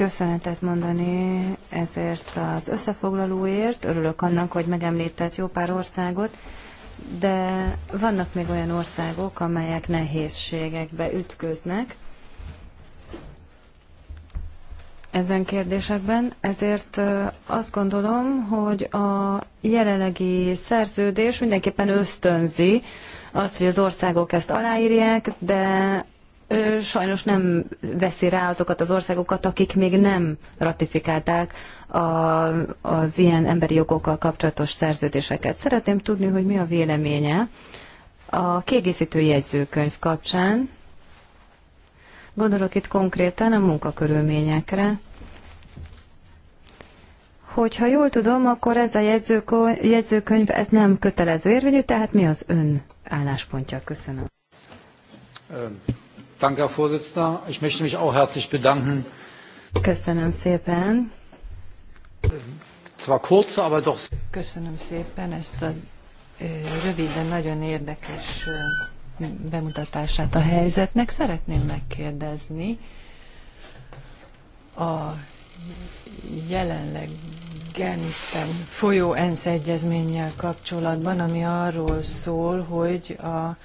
köszönetet mondani ezért az összefoglalóért. Örülök annak, hogy megemlített jó pár országot, de vannak még olyan országok, amelyek nehézségekbe ütköznek ezen kérdésekben, ezért azt gondolom, hogy a jelenlegi szerződés mindenképpen ösztönzi azt, hogy az országok ezt aláírják, de sajnos nem veszi rá azokat az országokat, akik még nem ratifikálták a, az ilyen emberi jogokkal kapcsolatos szerződéseket. Szeretném tudni, hogy mi a véleménye a kiegészítő jegyzőkönyv kapcsán. Gondolok itt konkrétan a munkakörülményekre. Hogyha jól tudom, akkor ez a jegyzőkönyv ez nem kötelező érvényű, tehát mi az ön álláspontja? Köszönöm.
Um. Danke, Herr Vorsitzender. Ich möchte mich auch
herzlich bedanken.
Köszönöm szépen.
Zwar kurz, aber doch.
Köszönöm szépen ezt a röviden nagyon érdekes bemutatását a helyzetnek. Szeretném megkérdezni a jelenleg Genfen folyó ENSZ egyezménnyel kapcsolatban, ami arról szól, hogy a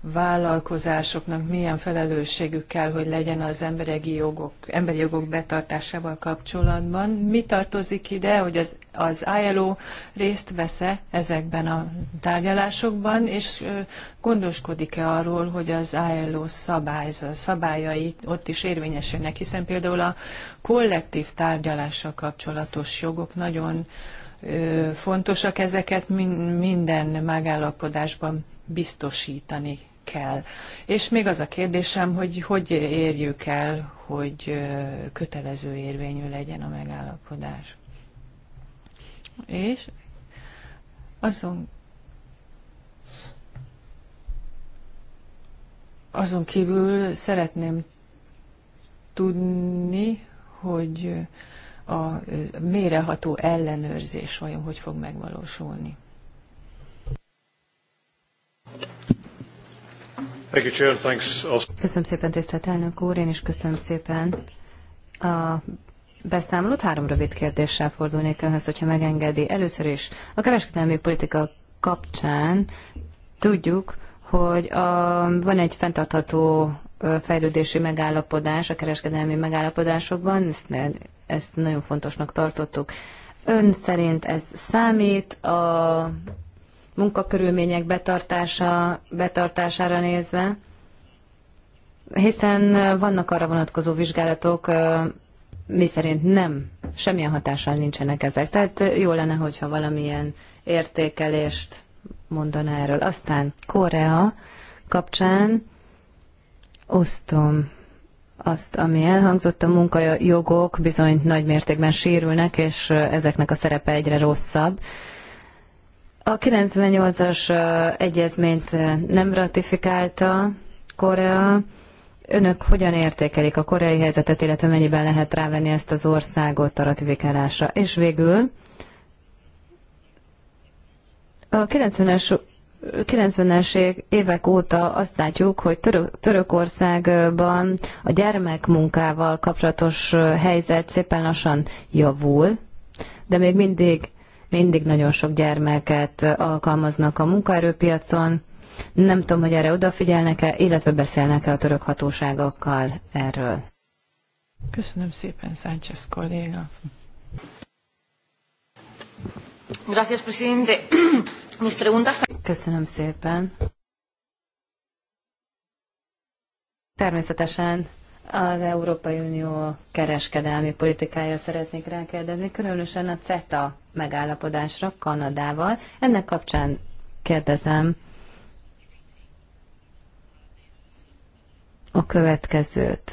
vállalkozásoknak milyen felelősségük kell, hogy legyen az emberi jogok, emberi jogok betartásával kapcsolatban. Mi tartozik ide, hogy az, az ILO részt vesz-e ezekben a tárgyalásokban, és gondoskodik-e arról, hogy az ILO szabályz, szabályai ott is érvényesülnek, hiszen például a kollektív tárgyalással kapcsolatos jogok nagyon fontosak ezeket minden megállapodásban biztosítani kell. És még az a kérdésem, hogy hogy érjük el, hogy kötelező érvényű legyen a megállapodás. És azon azon kívül szeretném tudni, hogy a méreható ellenőrzés vajon hogy fog megvalósulni.
Köszönöm szépen, tisztelt elnök úr, én is köszönöm szépen a beszámolót. Három rövid kérdéssel fordulnék önhöz, hogyha megengedi. Először is a kereskedelmi politika kapcsán tudjuk, hogy a, van egy fenntartható fejlődési megállapodás, a kereskedelmi megállapodásokban, ezt, ezt nagyon fontosnak tartottuk. Ön szerint ez számít a munkakörülmények betartása, betartására nézve, hiszen vannak arra vonatkozó vizsgálatok, mi szerint nem, semmilyen hatással nincsenek ezek. Tehát jó lenne, hogyha valamilyen értékelést mondaná erről. Aztán Korea kapcsán osztom azt, ami elhangzott, a munkajogok bizony nagy mértékben sérülnek, és ezeknek a szerepe egyre rosszabb. A 98-as egyezményt nem ratifikálta Korea. Önök hogyan értékelik a koreai helyzetet, illetve mennyiben lehet rávenni ezt az országot a ratifikálásra? És végül a 90-es 90-es évek óta azt látjuk, hogy Török, Törökországban a gyermekmunkával kapcsolatos helyzet szépen lassan javul, de még mindig mindig nagyon sok gyermeket alkalmaznak a munkaerőpiacon. Nem tudom, hogy erre odafigyelnek-e, illetve beszélnek-e a török hatóságokkal erről.
Köszönöm szépen, Sánchez kolléga.
Gracias, presidente. Mis preguntas...
Köszönöm szépen.
Természetesen az Európai Unió kereskedelmi politikája szeretnék rákérdezni, különösen a CETA megállapodásra Kanadával. Ennek kapcsán kérdezem a következőt.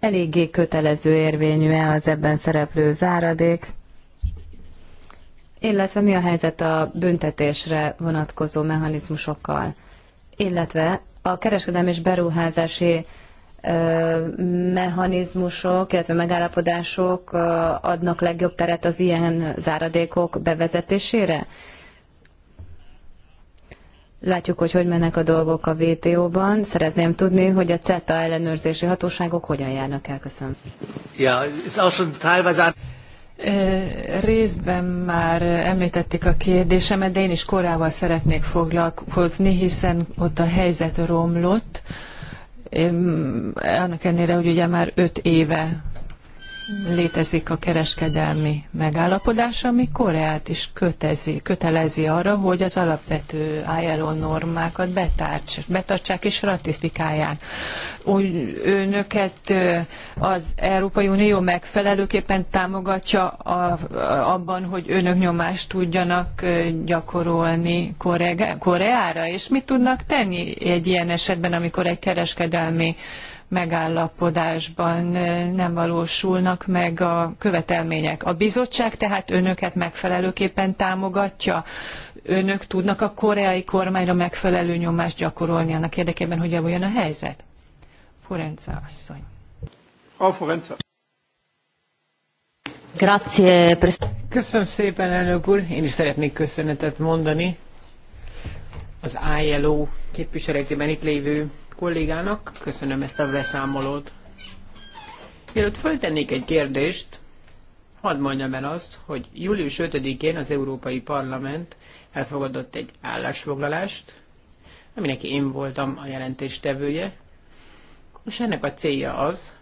Eléggé kötelező érvényű-e az ebben szereplő záradék, illetve mi a helyzet a büntetésre vonatkozó mechanizmusokkal, illetve a kereskedelmi és beruházási mechanizmusok, illetve megállapodások adnak legjobb teret az ilyen záradékok bevezetésére? Látjuk, hogy hogy mennek a dolgok a WTO-ban. Szeretném tudni, hogy a CETA ellenőrzési hatóságok hogyan járnak el. Köszönöm.
Ja, ist auch schon Részben már említették a kérdésemet, de én is korával szeretnék foglalkozni, hiszen ott a helyzet romlott annak ellenére, hogy ugye már öt éve létezik a kereskedelmi megállapodás, ami Koreát is kötezi, kötelezi arra, hogy az alapvető ILO normákat betarts betartsák és ratifikálják. Úgy önöket az Európai Unió megfelelőképpen támogatja a, abban, hogy önök nyomást tudjanak gyakorolni Koreára, és mit tudnak tenni egy ilyen esetben, amikor egy kereskedelmi megállapodásban nem valósulnak meg a követelmények. A bizottság tehát önöket megfelelőképpen támogatja? Önök tudnak a koreai kormányra megfelelő nyomást gyakorolni annak érdekében, hogy javuljon a helyzet? Forenza asszony.
Frau Forenza.
Grazie. Köszönöm szépen, elnök úr. Én is szeretnék köszönetet mondani az ILO képviseletében itt lévő kollégának. Köszönöm ezt a beszámolót. Mielőtt föltennék egy kérdést, hadd mondjam el azt, hogy július 5-én az Európai Parlament elfogadott egy állásfoglalást, aminek én voltam a jelentéstevője, és ennek a célja az,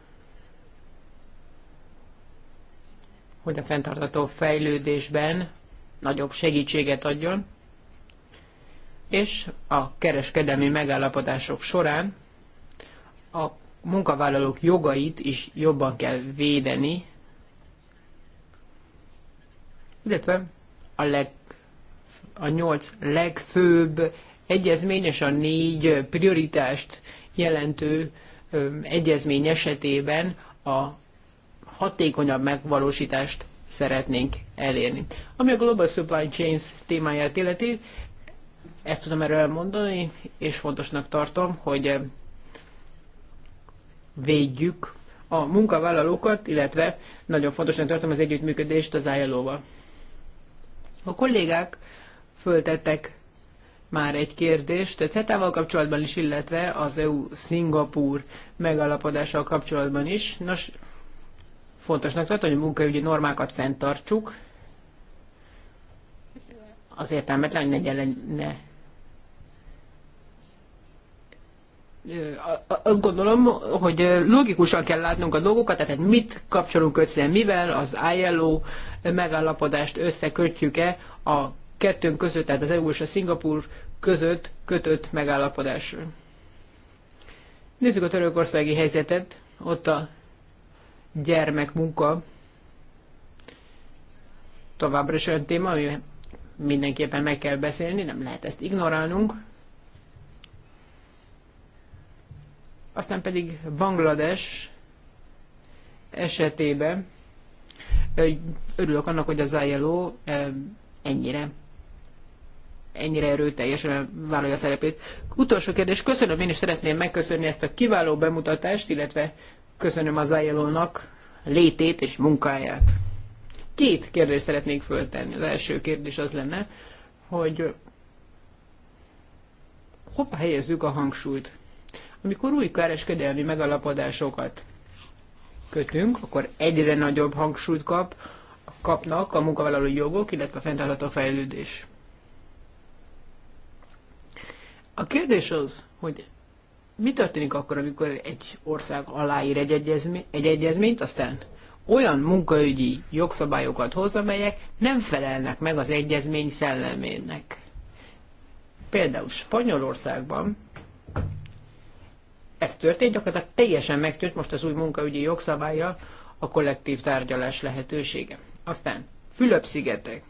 hogy a fenntartató fejlődésben nagyobb segítséget adjon és a kereskedelmi megállapodások során a munkavállalók jogait is jobban kell védeni, illetve a, leg, a nyolc legfőbb egyezmény és a négy prioritást jelentő egyezmény esetében a hatékonyabb megvalósítást szeretnénk elérni. Ami a Global Supply Chains témáját illeti, ezt tudom erről elmondani, és fontosnak tartom, hogy eh, védjük a munkavállalókat, illetve nagyon fontosnak tartom az együttműködést az ilo A kollégák föltettek már egy kérdést a CETA-val kapcsolatban is, illetve az EU-Szingapúr megalapodással kapcsolatban is. Nos, fontosnak tartom, hogy a munkaügyi normákat fenntartsuk, az értelmetlen, hogy ne azt gondolom, hogy logikusan kell látnunk a dolgokat, tehát mit kapcsolunk össze mivel, az ILO megállapodást összekötjük-e a kettőnk között, tehát az EU és a Szingapur között kötött megállapodás. Nézzük a törökországi helyzetet, ott a gyermekmunka továbbra is olyan téma, ami mindenképpen meg kell beszélni, nem lehet ezt ignorálnunk. Aztán pedig Banglades esetében örülök annak, hogy az ILO ennyire ennyire erőteljesen vállalja a szerepét. Utolsó kérdés, köszönöm, én is szeretném megköszönni ezt a kiváló bemutatást, illetve köszönöm az ilo létét és munkáját. Két kérdést szeretnék föltenni. Az első kérdés az lenne, hogy hova helyezzük a hangsúlyt? Amikor új kereskedelmi megalapodásokat kötünk, akkor egyre nagyobb hangsúlyt kap, kapnak a munkavállalói jogok, illetve a fenntartható fejlődés. A kérdés az, hogy mi történik akkor, amikor egy ország aláír egy, egyezmény, egy egyezményt, aztán olyan munkaügyi jogszabályokat hoz, amelyek nem felelnek meg az egyezmény szellemének. Például Spanyolországban ez történt, gyakorlatilag teljesen megtűnt most az új munkaügyi jogszabálya a kollektív tárgyalás lehetősége. Aztán Fülöp-szigetek.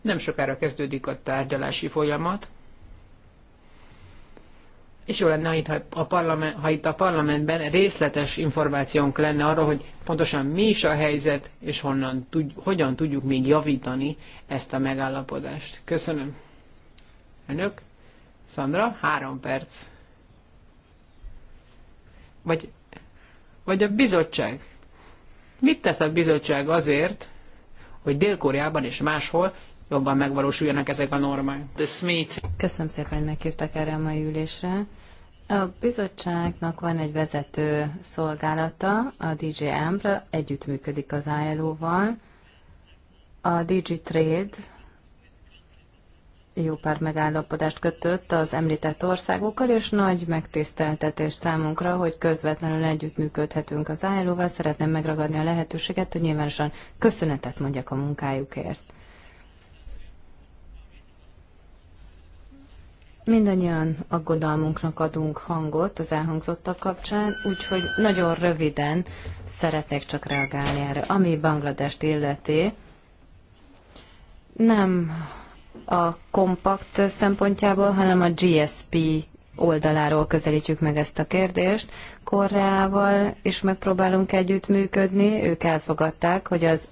Nem sokára kezdődik a tárgyalási folyamat, és jó lenne, ha itt a, parlament, ha itt a parlamentben részletes információnk lenne arra, hogy pontosan mi is a helyzet, és honnan tud, hogyan tudjuk még javítani ezt a megállapodást. Köszönöm. Önök? Szandra, három perc vagy, vagy a bizottság. Mit tesz a bizottság azért, hogy Dél-Koreában és máshol jobban megvalósuljanak ezek a normák? Köszönöm szépen, hogy meghívtak
erre a mai ülésre. A bizottságnak van egy vezető szolgálata, a DJ Ambra, együttműködik az ILO-val. A DG Trade jó pár megállapodást kötött az említett országokkal, és nagy megtiszteltetés számunkra, hogy közvetlenül együttműködhetünk az ILO-val. Szeretném megragadni a lehetőséget, hogy nyilvánosan köszönetet mondjak a munkájukért. Mindannyian aggodalmunknak adunk hangot az elhangzottak kapcsán, úgyhogy nagyon röviden szeretnék csak reagálni erre. Ami Bangladest illeti, nem a kompakt szempontjából, hanem a GSP oldaláról közelítjük meg ezt a kérdést. Koreával is megpróbálunk együttműködni. Ők elfogadták, hogy az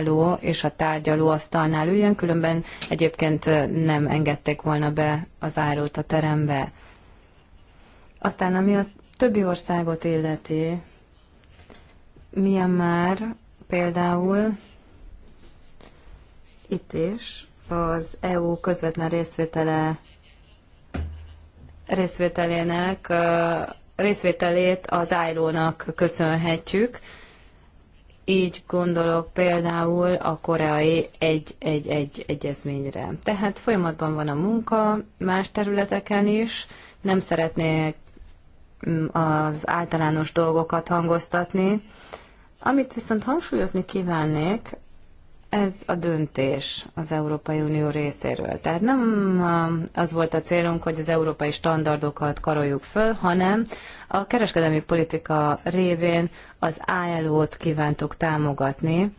ILO és a tárgyaló asztalnál üljön, különben egyébként nem engedték volna be az árót a terembe. Aztán ami a többi országot illeti, milyen már például itt is az EU közvetlen részvétele részvételének, részvételét az ilo köszönhetjük. Így gondolok például a koreai egy-egy-egy egyezményre. Tehát folyamatban van a munka más területeken is. Nem szeretnék mm, az általános dolgokat hangoztatni. Amit viszont hangsúlyozni kívánnék, ez a döntés az Európai Unió részéről. Tehát nem uh, az volt a célunk, hogy az európai standardokat karoljuk föl, hanem a kereskedelmi politika révén az ILO-t kívántuk támogatni.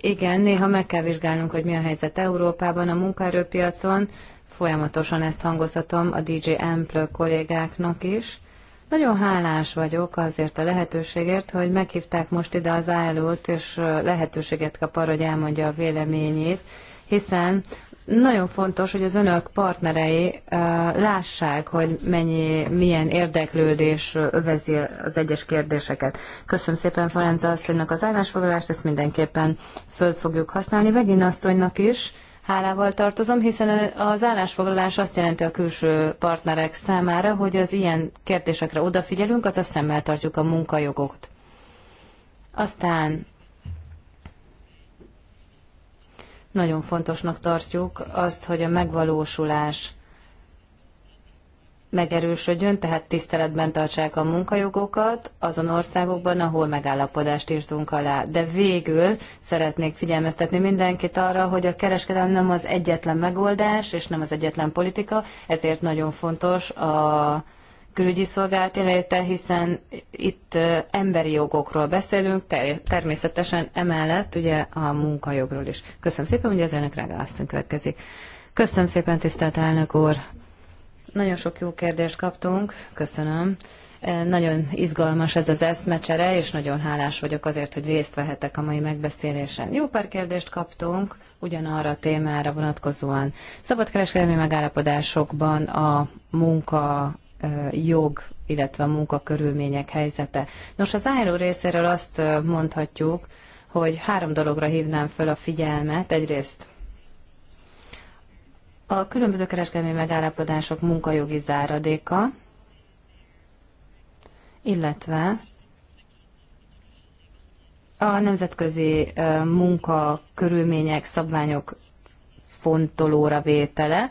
Igen, néha meg kell vizsgálnunk, hogy mi a helyzet Európában, a munkaerőpiacon. Folyamatosan ezt hangozhatom a DJ Ample kollégáknak is. Nagyon hálás vagyok azért a lehetőségért, hogy meghívták most ide az állót, és lehetőséget kap arra, hogy elmondja a véleményét, hiszen nagyon fontos, hogy az önök partnerei lássák, hogy mennyi, milyen érdeklődés övezi az egyes kérdéseket. Köszönöm szépen Ferenc asszonynak az állásfoglalást, ezt mindenképpen föl fogjuk használni. Megint asszonynak is hálával tartozom, hiszen az állásfoglalás azt jelenti a külső partnerek számára, hogy az ilyen kérdésekre odafigyelünk, azaz szemmel tartjuk a munkajogot. Aztán nagyon fontosnak tartjuk azt, hogy a megvalósulás megerősödjön, tehát tiszteletben tartsák a munkajogokat azon országokban, ahol megállapodást írtunk alá. De végül szeretnék figyelmeztetni mindenkit arra, hogy a kereskedelem nem az egyetlen megoldás, és nem az egyetlen politika, ezért nagyon fontos a külügyi szolgált hiszen itt emberi jogokról beszélünk, ter- természetesen emellett ugye a munkajogról is. Köszönöm szépen, hogy az elnök Rága következik. Köszönöm szépen, tisztelt elnök úr! Nagyon sok jó kérdést kaptunk, köszönöm. E, nagyon izgalmas ez az eszmecsere, és nagyon hálás vagyok azért, hogy részt vehetek a mai megbeszélésen. Jó pár kérdést kaptunk ugyanarra a témára vonatkozóan. Szabadkereskedelmi megállapodásokban a munka e, jog, illetve a munkakörülmények helyzete. Nos, az ILO részéről azt e, mondhatjuk, hogy három dologra hívnám föl a figyelmet. Egyrészt a különböző kereskedelmi megállapodások munkajogi záradéka, illetve a nemzetközi munka szabványok fontolóra vétele.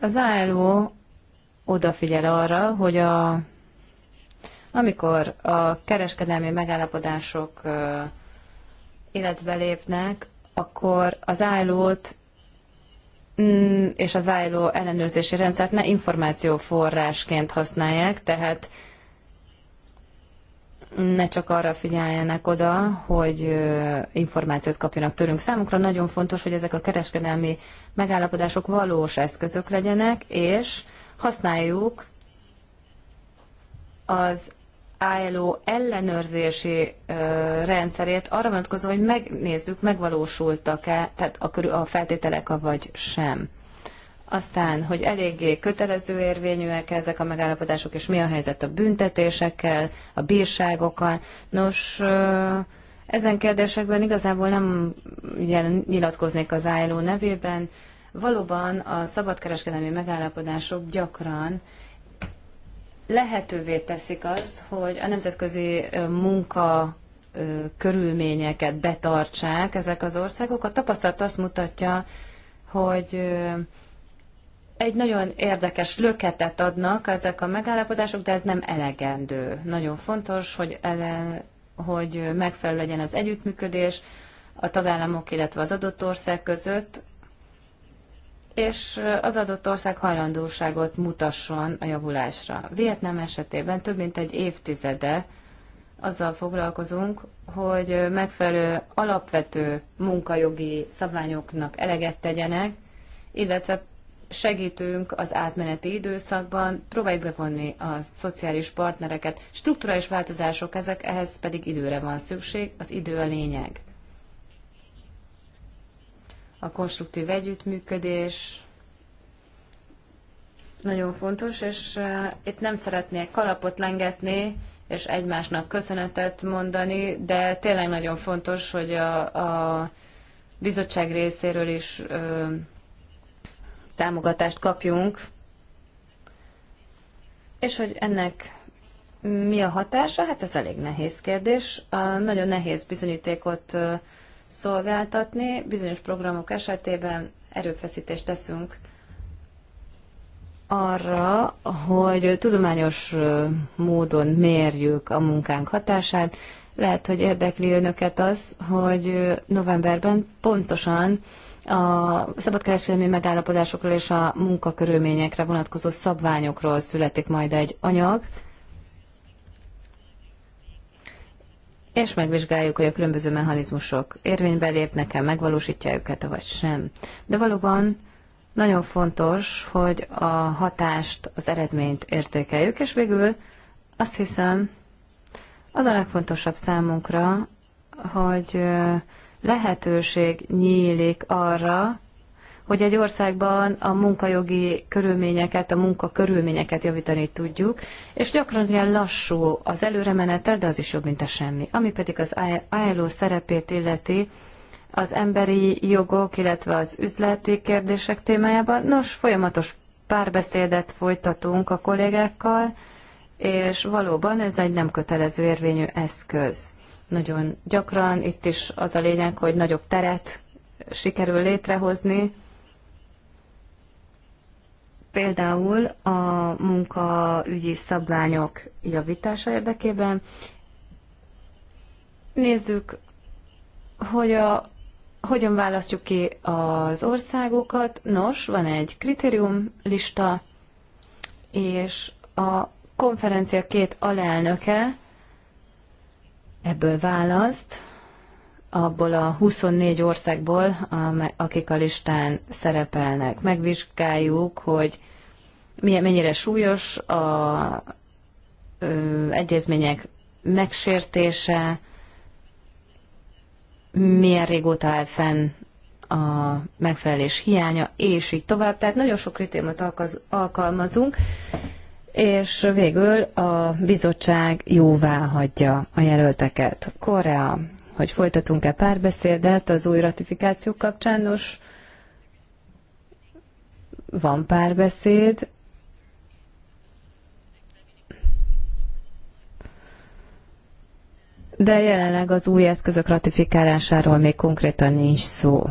Az ILO odafigyel arra, hogy a, amikor a kereskedelmi megállapodások életbe lépnek, akkor az állót Mm, és az ILO ellenőrzési rendszert ne információforrásként használják, tehát ne csak arra figyeljenek oda, hogy információt kapjanak tőlünk. Számunkra nagyon fontos, hogy ezek a kereskedelmi megállapodások valós eszközök legyenek, és használjuk az ILO ellenőrzési rendszerét arra vonatkozó, hogy megnézzük, megvalósultak-e tehát a, körül, a feltételek, vagy sem. Aztán, hogy eléggé kötelező érvényűek ezek a megállapodások, és mi a helyzet a büntetésekkel, a bírságokkal. Nos, ezen kérdésekben igazából nem nyilatkoznék az ILO nevében. Valóban a szabadkereskedelmi megállapodások gyakran lehetővé teszik azt, hogy a nemzetközi munka körülményeket betartsák ezek az országok. A tapasztalat azt mutatja, hogy egy nagyon érdekes löketet adnak ezek a megállapodások, de ez nem elegendő. Nagyon fontos, hogy, ele, hogy megfelelő legyen az együttműködés a tagállamok, illetve az adott ország között, és az adott ország hajlandóságot mutasson a javulásra. Vietnám esetében több mint egy évtizede azzal foglalkozunk, hogy megfelelő alapvető munkajogi szabványoknak eleget tegyenek, illetve segítünk az átmeneti időszakban, próbáljuk bevonni a szociális partnereket. Strukturális változások ezek, ehhez pedig időre van szükség, az idő a lényeg a konstruktív együttműködés nagyon fontos, és itt nem szeretnék kalapot lengetni, és egymásnak köszönetet mondani, de tényleg nagyon fontos, hogy a, a bizottság részéről is ö, támogatást kapjunk, és hogy ennek mi a hatása? Hát ez elég nehéz kérdés. A nagyon nehéz bizonyítékot szolgáltatni. Bizonyos programok esetében erőfeszítést teszünk arra, hogy tudományos módon mérjük a munkánk hatását. Lehet, hogy érdekli önöket az, hogy novemberben pontosan a szabadkereskedelmi megállapodásokról és a munkakörülményekre vonatkozó szabványokról születik majd egy anyag, és megvizsgáljuk, hogy a különböző mechanizmusok érvénybe lépnek-e, megvalósítja őket, vagy sem. De valóban nagyon fontos, hogy a hatást, az eredményt értékeljük, és végül azt hiszem, az a legfontosabb számunkra, hogy lehetőség nyílik arra, hogy egy országban a munkajogi körülményeket, a munkakörülményeket javítani tudjuk, és gyakran ilyen lassú az előre menetel, de az is jobb, mint a semmi. Ami pedig az ILO szerepét illeti, az emberi jogok, illetve az üzleti kérdések témájában. Nos, folyamatos párbeszédet folytatunk a kollégákkal, és valóban ez egy nem kötelező érvényű eszköz. Nagyon gyakran itt is az a lényeg, hogy nagyobb teret sikerül létrehozni, például a munkaügyi szabványok javítása érdekében. Nézzük, hogy a, hogyan választjuk ki az országokat. Nos, van egy kritériumlista, és a konferencia két alelnöke ebből választ, abból a 24 országból, akik a listán szerepelnek. Megvizsgáljuk, hogy mennyire súlyos a egyezmények megsértése, milyen régóta áll fenn a megfelelés hiánya, és így tovább. Tehát nagyon sok kritériumot alkalmazunk, és végül a bizottság jóvá hagyja a jelölteket. Korea, hogy folytatunk-e párbeszédet az új ratifikáció kapcsán. Nos, van párbeszéd, de jelenleg az új eszközök ratifikálásáról még konkrétan nincs szó.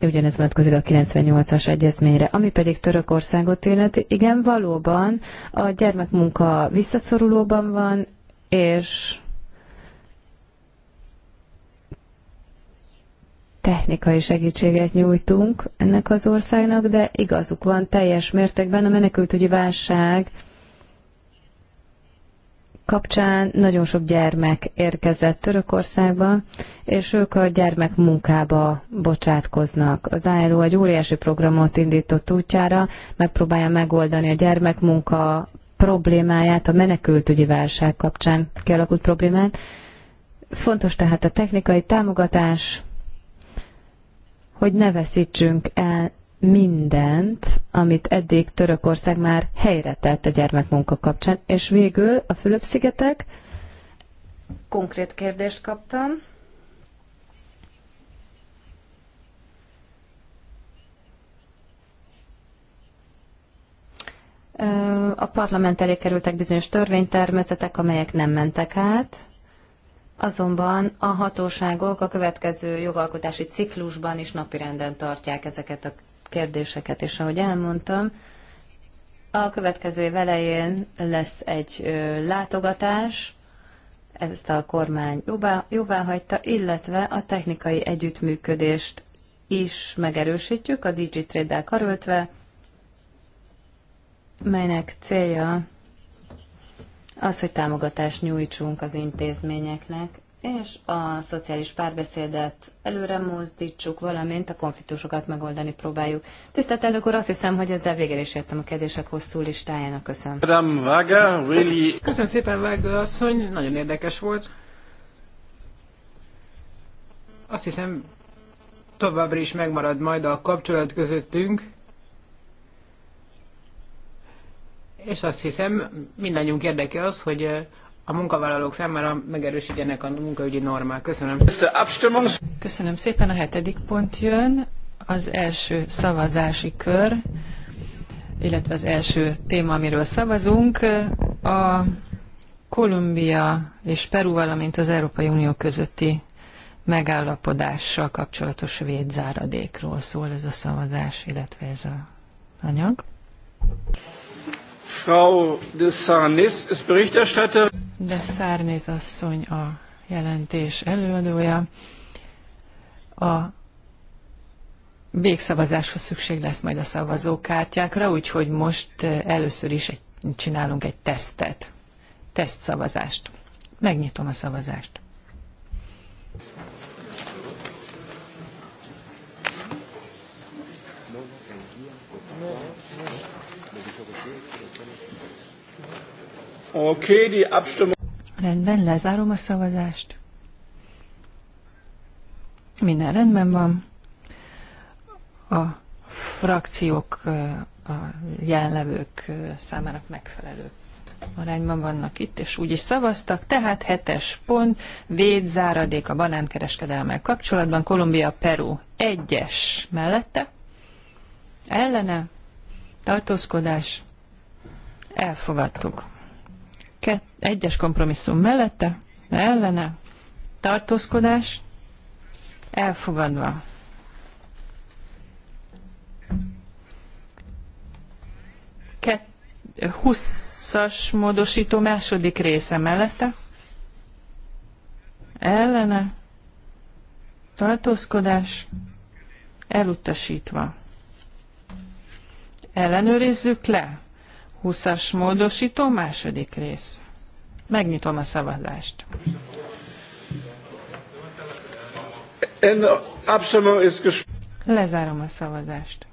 Ugyanez vonatkozik a 98-as egyezményre, ami pedig Törökországot illeti. Igen, valóban a gyermekmunka visszaszorulóban van, és technikai segítséget nyújtunk ennek az országnak, de igazuk van, teljes mértékben a menekültügyi válság kapcsán nagyon sok gyermek érkezett Törökországba, és ők a gyermek munkába bocsátkoznak. Az ILO egy óriási programot indított útjára, megpróbálja megoldani a gyermek munka problémáját, a menekültügyi válság kapcsán kialakult problémát. Fontos tehát a technikai támogatás, hogy ne veszítsünk el mindent, amit eddig Törökország már helyre tett a gyermekmunka kapcsán. És végül a Fülöp-szigetek konkrét kérdést kaptam. A parlament elé kerültek bizonyos törvénytermezetek, amelyek nem mentek át. Azonban a hatóságok a következő jogalkotási ciklusban is napirenden tartják ezeket a kérdéseket, és ahogy elmondtam, a következő év elején lesz egy látogatás, ezt a kormány jóvá, jóvá hagyta, illetve a technikai együttműködést is megerősítjük a DigiTrade-del karöltve, melynek célja az, hogy támogatást nyújtsunk az intézményeknek, és a szociális párbeszédet előre mozdítsuk, valamint a konfliktusokat megoldani próbáljuk. Tisztelt elnök úr, azt hiszem, hogy ezzel végére is értem a kérdések hosszú
listájának. Köszönöm. Köszönöm szépen, Vága asszony, nagyon érdekes volt. Azt hiszem, továbbra is megmarad majd a kapcsolat közöttünk. és azt hiszem mindannyiunk érdeke az, hogy a munkavállalók számára megerősítenek a munkaügyi normák. Köszönöm.
Köszönöm szépen. A hetedik pont jön, az első szavazási kör, illetve az első téma, amiről szavazunk, a Kolumbia és Peru, valamint az Európai Unió közötti megállapodással kapcsolatos védzáradékról szól ez a szavazás, illetve ez a anyag.
Frau de Sarnes ist Berichterstatter.
De asszony a jelentés előadója. A végszavazáshoz szükség lesz majd a szavazókártyákra, úgyhogy most eh, először is egy, csinálunk egy tesztet, tesztszavazást. Megnyitom a szavazást.
Okay, die Abstimmung.
Rendben, lezárom a szavazást. Minden rendben van. A frakciók, a jelenlevők számának megfelelő arányban vannak itt, és úgy is szavaztak. Tehát hetes pont, védzáradék a banánkereskedelmel kapcsolatban, Kolumbia, Peru egyes mellette, ellene, tartózkodás, elfogadtuk egyes kompromisszum mellette, ellene, tartózkodás, elfogadva. Ket módosító második része mellette, ellene, tartózkodás, elutasítva. Ellenőrizzük le. 20-as módosító, második rész. Megnyitom a szavazást. Lezárom a szavazást.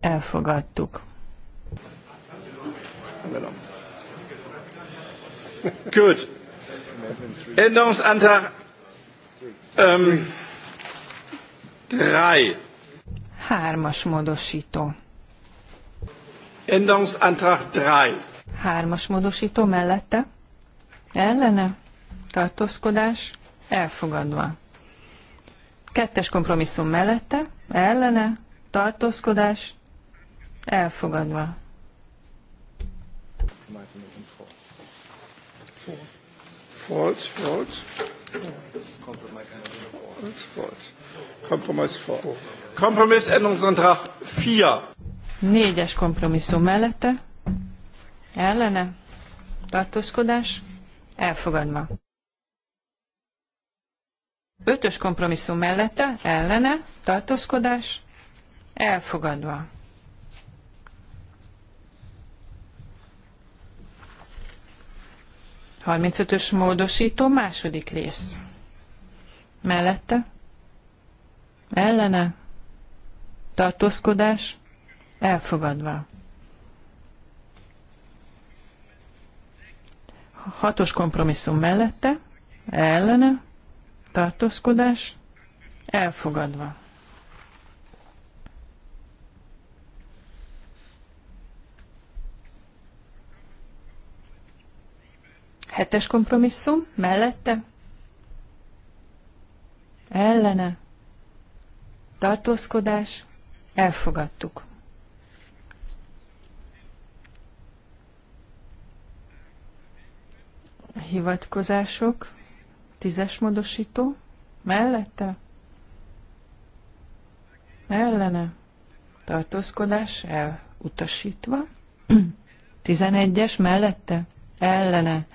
Elfogadtuk.
Good. Änderungsantrag ähm, 3.
Hármas módosító.
Änderungsantrag 3.
Hármas módosító mellette. Ellene. Tartózkodás. Elfogadva. Kettes kompromisszum mellette. Ellene. Tartózkodás. Elfogadva.
False, false. Compromise false. Compromise false. Kompromisszänderungsantrag 4.
Négyes kompromisszum mellette. Ellene. Tartózkodás. Elfogadva. Ötös kompromisszum mellette. Ellene. Tartózkodás. Elfogadva. Harmincötös módosító második rész. Mellette. Ellene tartózkodás elfogadva. Hatos kompromisszum mellette, ellene, tartózkodás elfogadva. Hetes kompromisszum, mellette, ellene, tartózkodás, Elfogadtuk. Hivatkozások. Tízes módosító. Mellette. Ellene. Tartózkodás elutasítva. tizenegyes mellette. Ellene.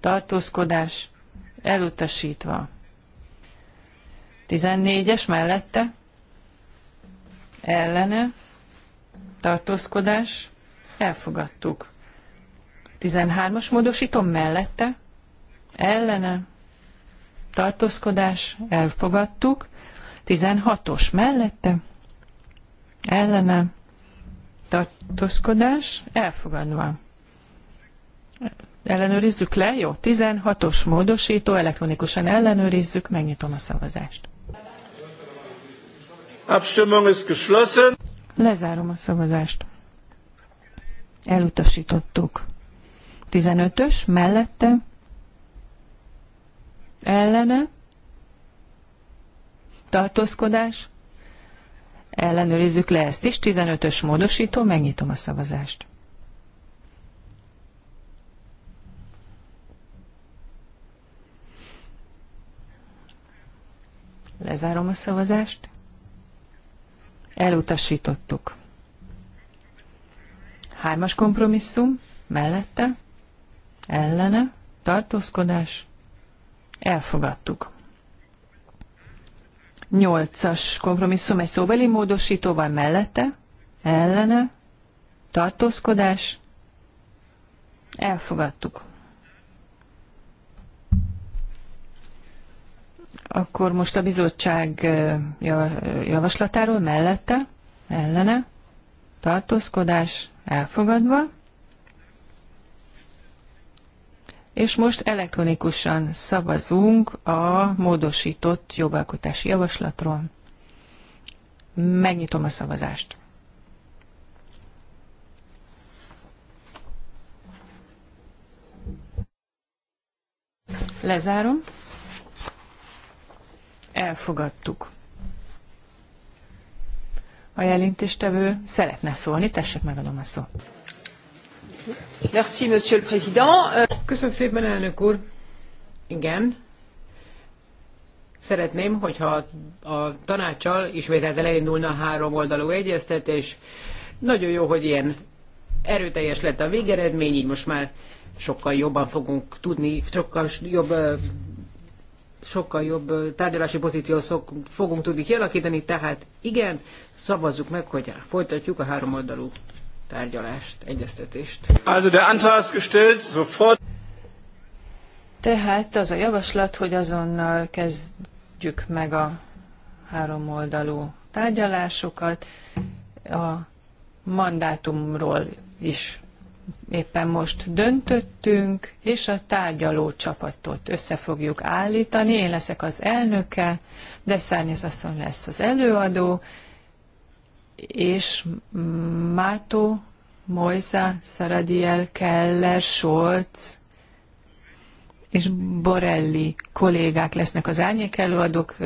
Tartózkodás elutasítva. tizennégyes mellette ellene, tartózkodás, elfogadtuk. 13-as módosítom mellette, ellene, tartózkodás, elfogadtuk. 16-os mellette, ellene, tartózkodás, elfogadva. Ellenőrizzük le, jó, 16-os módosító, elektronikusan ellenőrizzük, megnyitom a szavazást.
Abstimmung ist geschlossen.
Lezárom a szavazást. Elutasítottuk. 15-ös mellette. Ellene. Tartózkodás. Ellenőrizzük le ezt is. 15-ös módosító. Megnyitom a szavazást. Lezárom a szavazást. Elutasítottuk. Hármas kompromisszum, mellette, ellene, tartózkodás, elfogadtuk. Nyolcas kompromisszum egy szóbeli módosítóval mellette, ellene, tartózkodás, elfogadtuk. Akkor most a bizottság javaslatáról mellette, ellene, tartózkodás elfogadva. És most elektronikusan szavazunk a módosított jogalkotási javaslatról. Megnyitom a szavazást. Lezárom elfogadtuk. A jelentéstevő szeretne szólni, tessék megadom a szót.
Merci, monsieur le président. Köszönöm szépen, elnök úr. Igen. Szeretném, hogyha a tanácssal ismételten elindulna a három oldalú egyeztetés. Nagyon jó, hogy ilyen erőteljes lett a végeredmény, így most már sokkal jobban fogunk tudni, sokkal jobb sokkal jobb tárgyalási pozíciót fogunk tudni kialakítani, tehát igen, szavazzuk meg, hogy folytatjuk a háromoldalú tárgyalást, egyeztetést.
Also
der Antrag ist gestellt, sofort.
Tehát az a javaslat, hogy azonnal kezdjük meg a háromoldalú tárgyalásokat, a mandátumról is éppen most döntöttünk, és a tárgyaló csapatot össze fogjuk állítani. Én leszek az elnöke, de Szárnyez asszony lesz az előadó, és Mátó, Mojza, Szaradiel, Keller, Solc és Borelli kollégák lesznek az árnyék előadók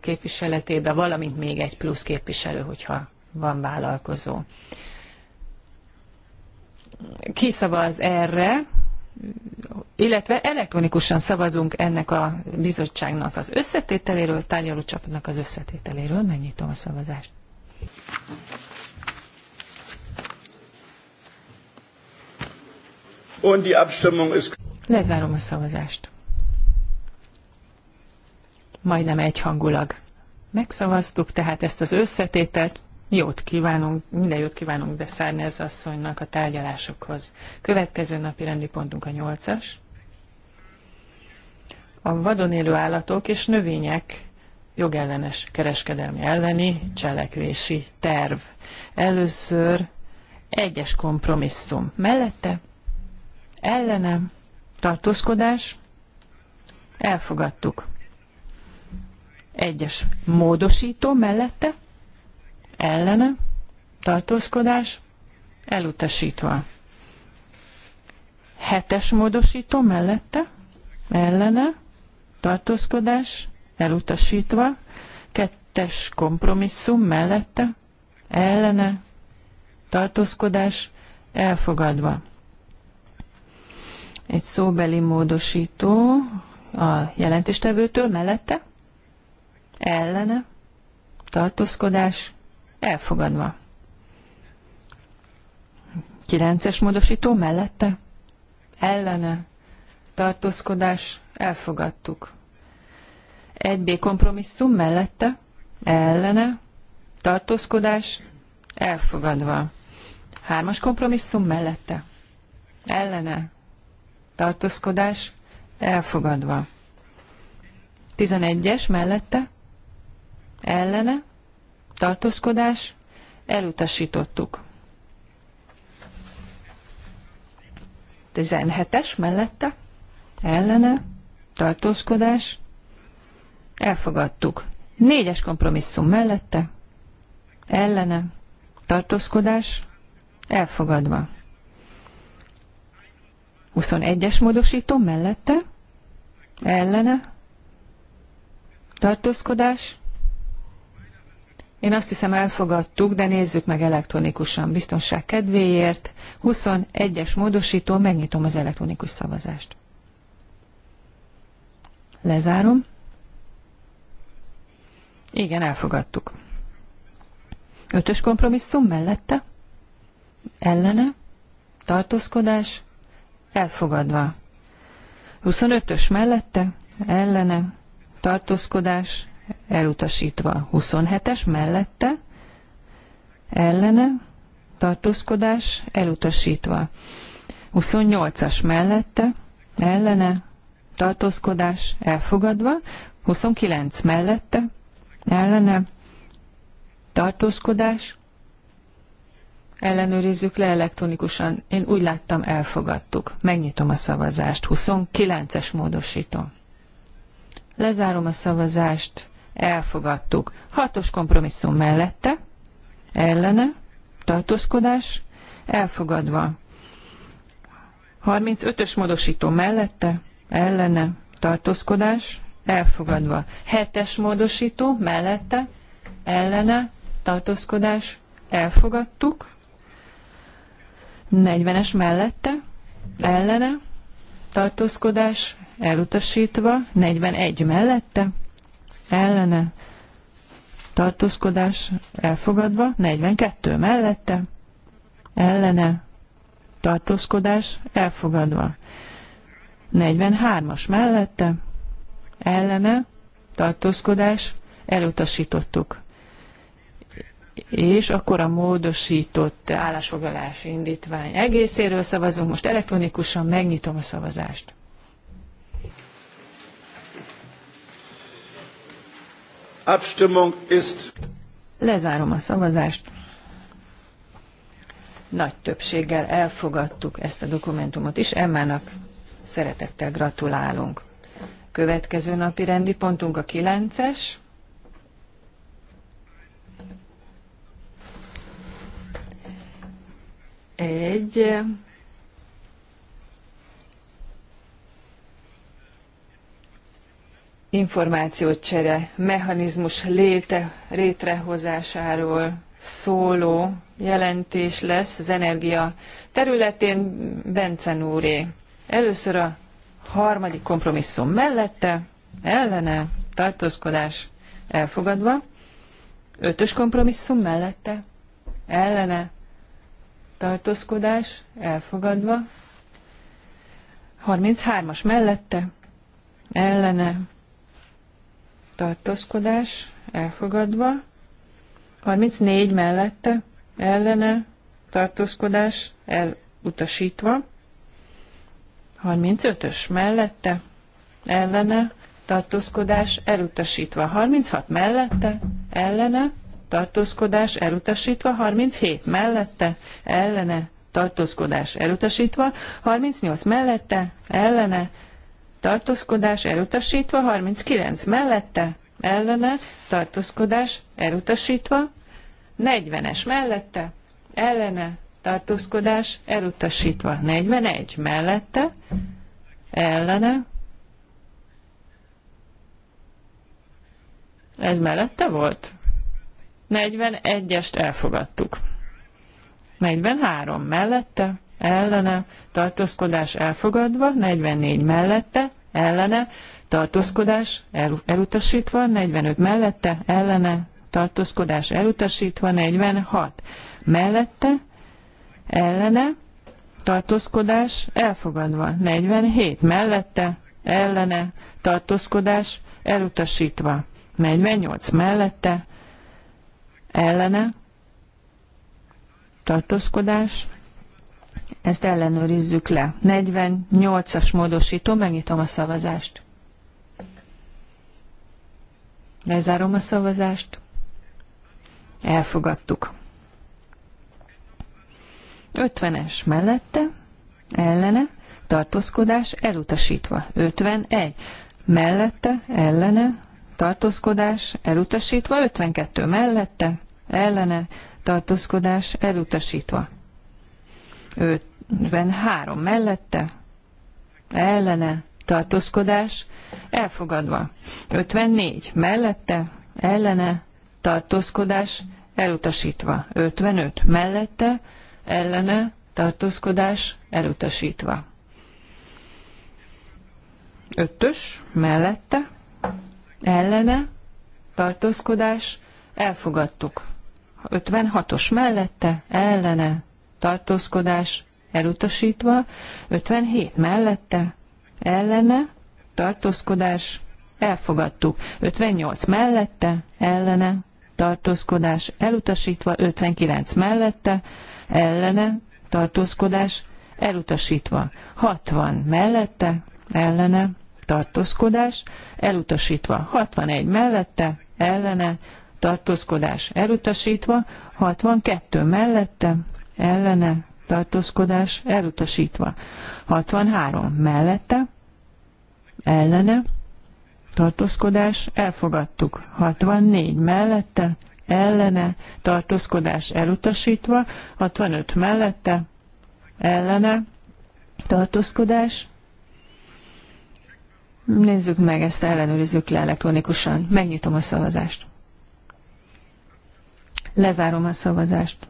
képviseletében, valamint még egy plusz képviselő, hogyha van vállalkozó kiszavaz erre, illetve elektronikusan szavazunk ennek a bizottságnak az összetételéről, tárgyaló csapatnak az összetételéről. Megnyitom a szavazást.
Und die Abstimmung ist...
Lezárom a szavazást. Majdnem egyhangulag. Megszavaztuk tehát ezt az összetételt, Jót kívánunk, minden jót kívánunk de Szárnez asszonynak a tárgyalásokhoz. Következő napi rendi pontunk a nyolcas. A vadon élő állatok és növények jogellenes kereskedelmi elleni cselekvési terv. Először egyes kompromisszum. Mellette ellenem tartózkodás. Elfogadtuk. Egyes módosító mellette ellene, tartózkodás, elutasítva. Hetes módosító mellette, ellene, tartózkodás, elutasítva. Kettes kompromisszum mellette, ellene, tartózkodás, elfogadva. Egy szóbeli módosító a jelentéstevőtől mellette, ellene, tartózkodás, Elfogadva. kilences módosító mellette? Ellene. Tartózkodás. Elfogadtuk. 1B kompromisszum mellette? Ellene. Tartózkodás. Elfogadva. Hármas kompromisszum mellette? Ellene. Tartózkodás. Elfogadva. 11-es mellette? Ellene tartózkodás, elutasítottuk. 17-es mellette, ellene, tartózkodás, elfogadtuk. Négyes kompromisszum mellette, ellene, tartózkodás, elfogadva. 21-es módosító mellette, ellene, tartózkodás, én azt hiszem elfogadtuk, de nézzük meg elektronikusan biztonság kedvéért. 21-es módosító, megnyitom az elektronikus szavazást. Lezárom. Igen, elfogadtuk. Ötös kompromisszum mellette? Ellene? Tartózkodás? Elfogadva. 25-ös mellette? Ellene? Tartózkodás? elutasítva. 27-es mellette, ellene, tartózkodás, elutasítva. 28-as mellette, ellene, tartózkodás, elfogadva. 29 mellette, ellene, tartózkodás, ellenőrizzük le elektronikusan. Én úgy láttam, elfogadtuk. Megnyitom a szavazást. 29-es módosító. Lezárom a szavazást elfogadtuk. Hatos kompromisszum mellette, ellene, tartózkodás, elfogadva. 35-ös módosító mellette, ellene, tartózkodás, elfogadva. 7-es módosító mellette, ellene, tartózkodás, elfogadtuk. 40-es mellette, ellene, tartózkodás, elutasítva. 41 mellette, ellene tartózkodás elfogadva, 42 mellette ellene tartózkodás elfogadva, 43-as mellette ellene tartózkodás elutasítottuk. És akkor a módosított állásfoglalási indítvány egészéről szavazunk. Most elektronikusan megnyitom a szavazást.
Abstimmung ist.
Lezárom a szavazást. Nagy többséggel elfogadtuk ezt a dokumentumot is. Emmának szeretettel gratulálunk. Következő napi rendi pontunk a 9-es. Egy információcsere mechanizmus léte, létrehozásáról szóló jelentés lesz az energia területén Bencen úré. Először a harmadik kompromisszum mellette, ellene, tartózkodás elfogadva, ötös kompromisszum mellette, ellene, tartózkodás elfogadva, 33-as mellette, ellene, tartózkodás elfogadva, 34 mellette ellene tartózkodás elutasítva, 35-ös mellette ellene tartózkodás elutasítva, 36 mellette ellene tartózkodás elutasítva, 37 mellette ellene tartózkodás elutasítva, 38 mellette ellene tartózkodás elutasítva, 39 mellette, ellene, tartózkodás elutasítva, 40-es mellette, ellene, tartózkodás elutasítva, 41 mellette, ellene, ez mellette volt? 41-est elfogadtuk. 43 mellette, ellene, tartózkodás elfogadva, 44 mellette, ellene, tartózkodás el, elutasítva, 45 mellette, ellene, tartózkodás elutasítva, 46 mellette, ellene, tartózkodás elfogadva, 47 mellette, ellene, tartózkodás elutasítva, 48 mellette, ellene, tartózkodás ezt ellenőrizzük le. 48-as módosító, megnyitom a szavazást. Lezárom a szavazást. Elfogadtuk. 50-es mellette, ellene, tartózkodás elutasítva. 51 mellette, ellene, tartózkodás elutasítva. 52 mellette, ellene, tartózkodás elutasítva. 5 három mellette, ellene, tartózkodás, elfogadva. 54 mellette, ellene, tartózkodás, elutasítva. 55 mellette, ellene, tartózkodás, elutasítva. 5-ös mellette, ellene, tartózkodás, elfogadtuk. 56-os mellette, ellene, tartózkodás, elutasítva, 57 mellette, ellene, tartózkodás, elfogadtuk, 58 mellette, ellene, tartózkodás, elutasítva, 59 mellette, ellene, tartózkodás, elutasítva, 60 mellette, ellene, tartózkodás, elutasítva, 61 mellette, ellene, tartózkodás elutasítva, 62 mellette, ellene, tartózkodás elutasítva. 63 mellette, ellene, tartózkodás elfogadtuk. 64 mellette, ellene, tartózkodás elutasítva. 65 mellette, ellene, tartózkodás. Nézzük meg ezt, ellenőrizzük le elektronikusan. Megnyitom a szavazást. Lezárom a szavazást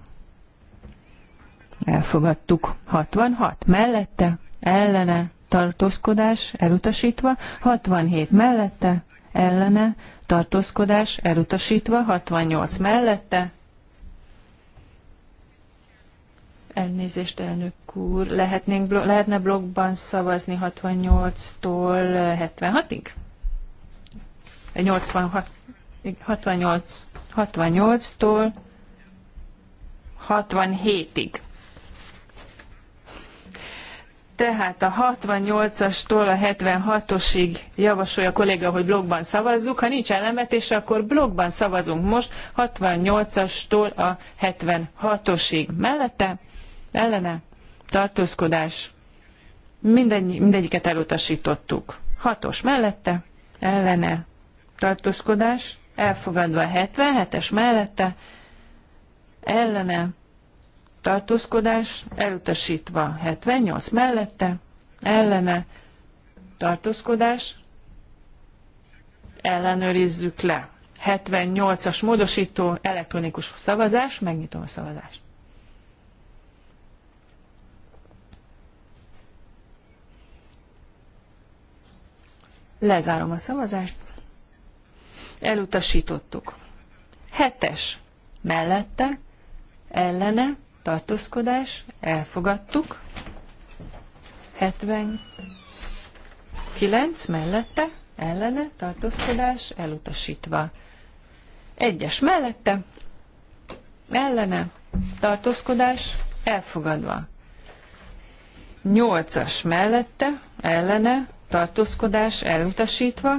elfogadtuk. 66 mellette, ellene, tartózkodás elutasítva, 67 mellette, ellene, tartózkodás elutasítva, 68 mellette. Elnézést, elnök úr, lehetnénk, lehetne blogban szavazni 68-tól 76-ig? 86, 68, 68-tól 67-ig. Tehát a 68-astól a 76-osig javasolja a kolléga, hogy blogban szavazzuk. Ha nincs ellenvetése, akkor blogban szavazunk most 68-astól a 76-osig. Mellette, ellene, tartózkodás. Mindegy, mindegyiket elutasítottuk. 6-os mellette, ellene, tartózkodás. Elfogadva a 77-es mellette, ellene, tartózkodás elutasítva 78 mellette, ellene tartózkodás ellenőrizzük le. 78-as módosító elektronikus szavazás, megnyitom a szavazást. Lezárom a szavazást. Elutasítottuk. Hetes mellette, ellene, tartózkodás, elfogadtuk. 79 mellette, ellene, tartózkodás, elutasítva. Egyes mellette, ellene, tartózkodás, elfogadva. Nyolcas mellette, ellene, tartózkodás, elutasítva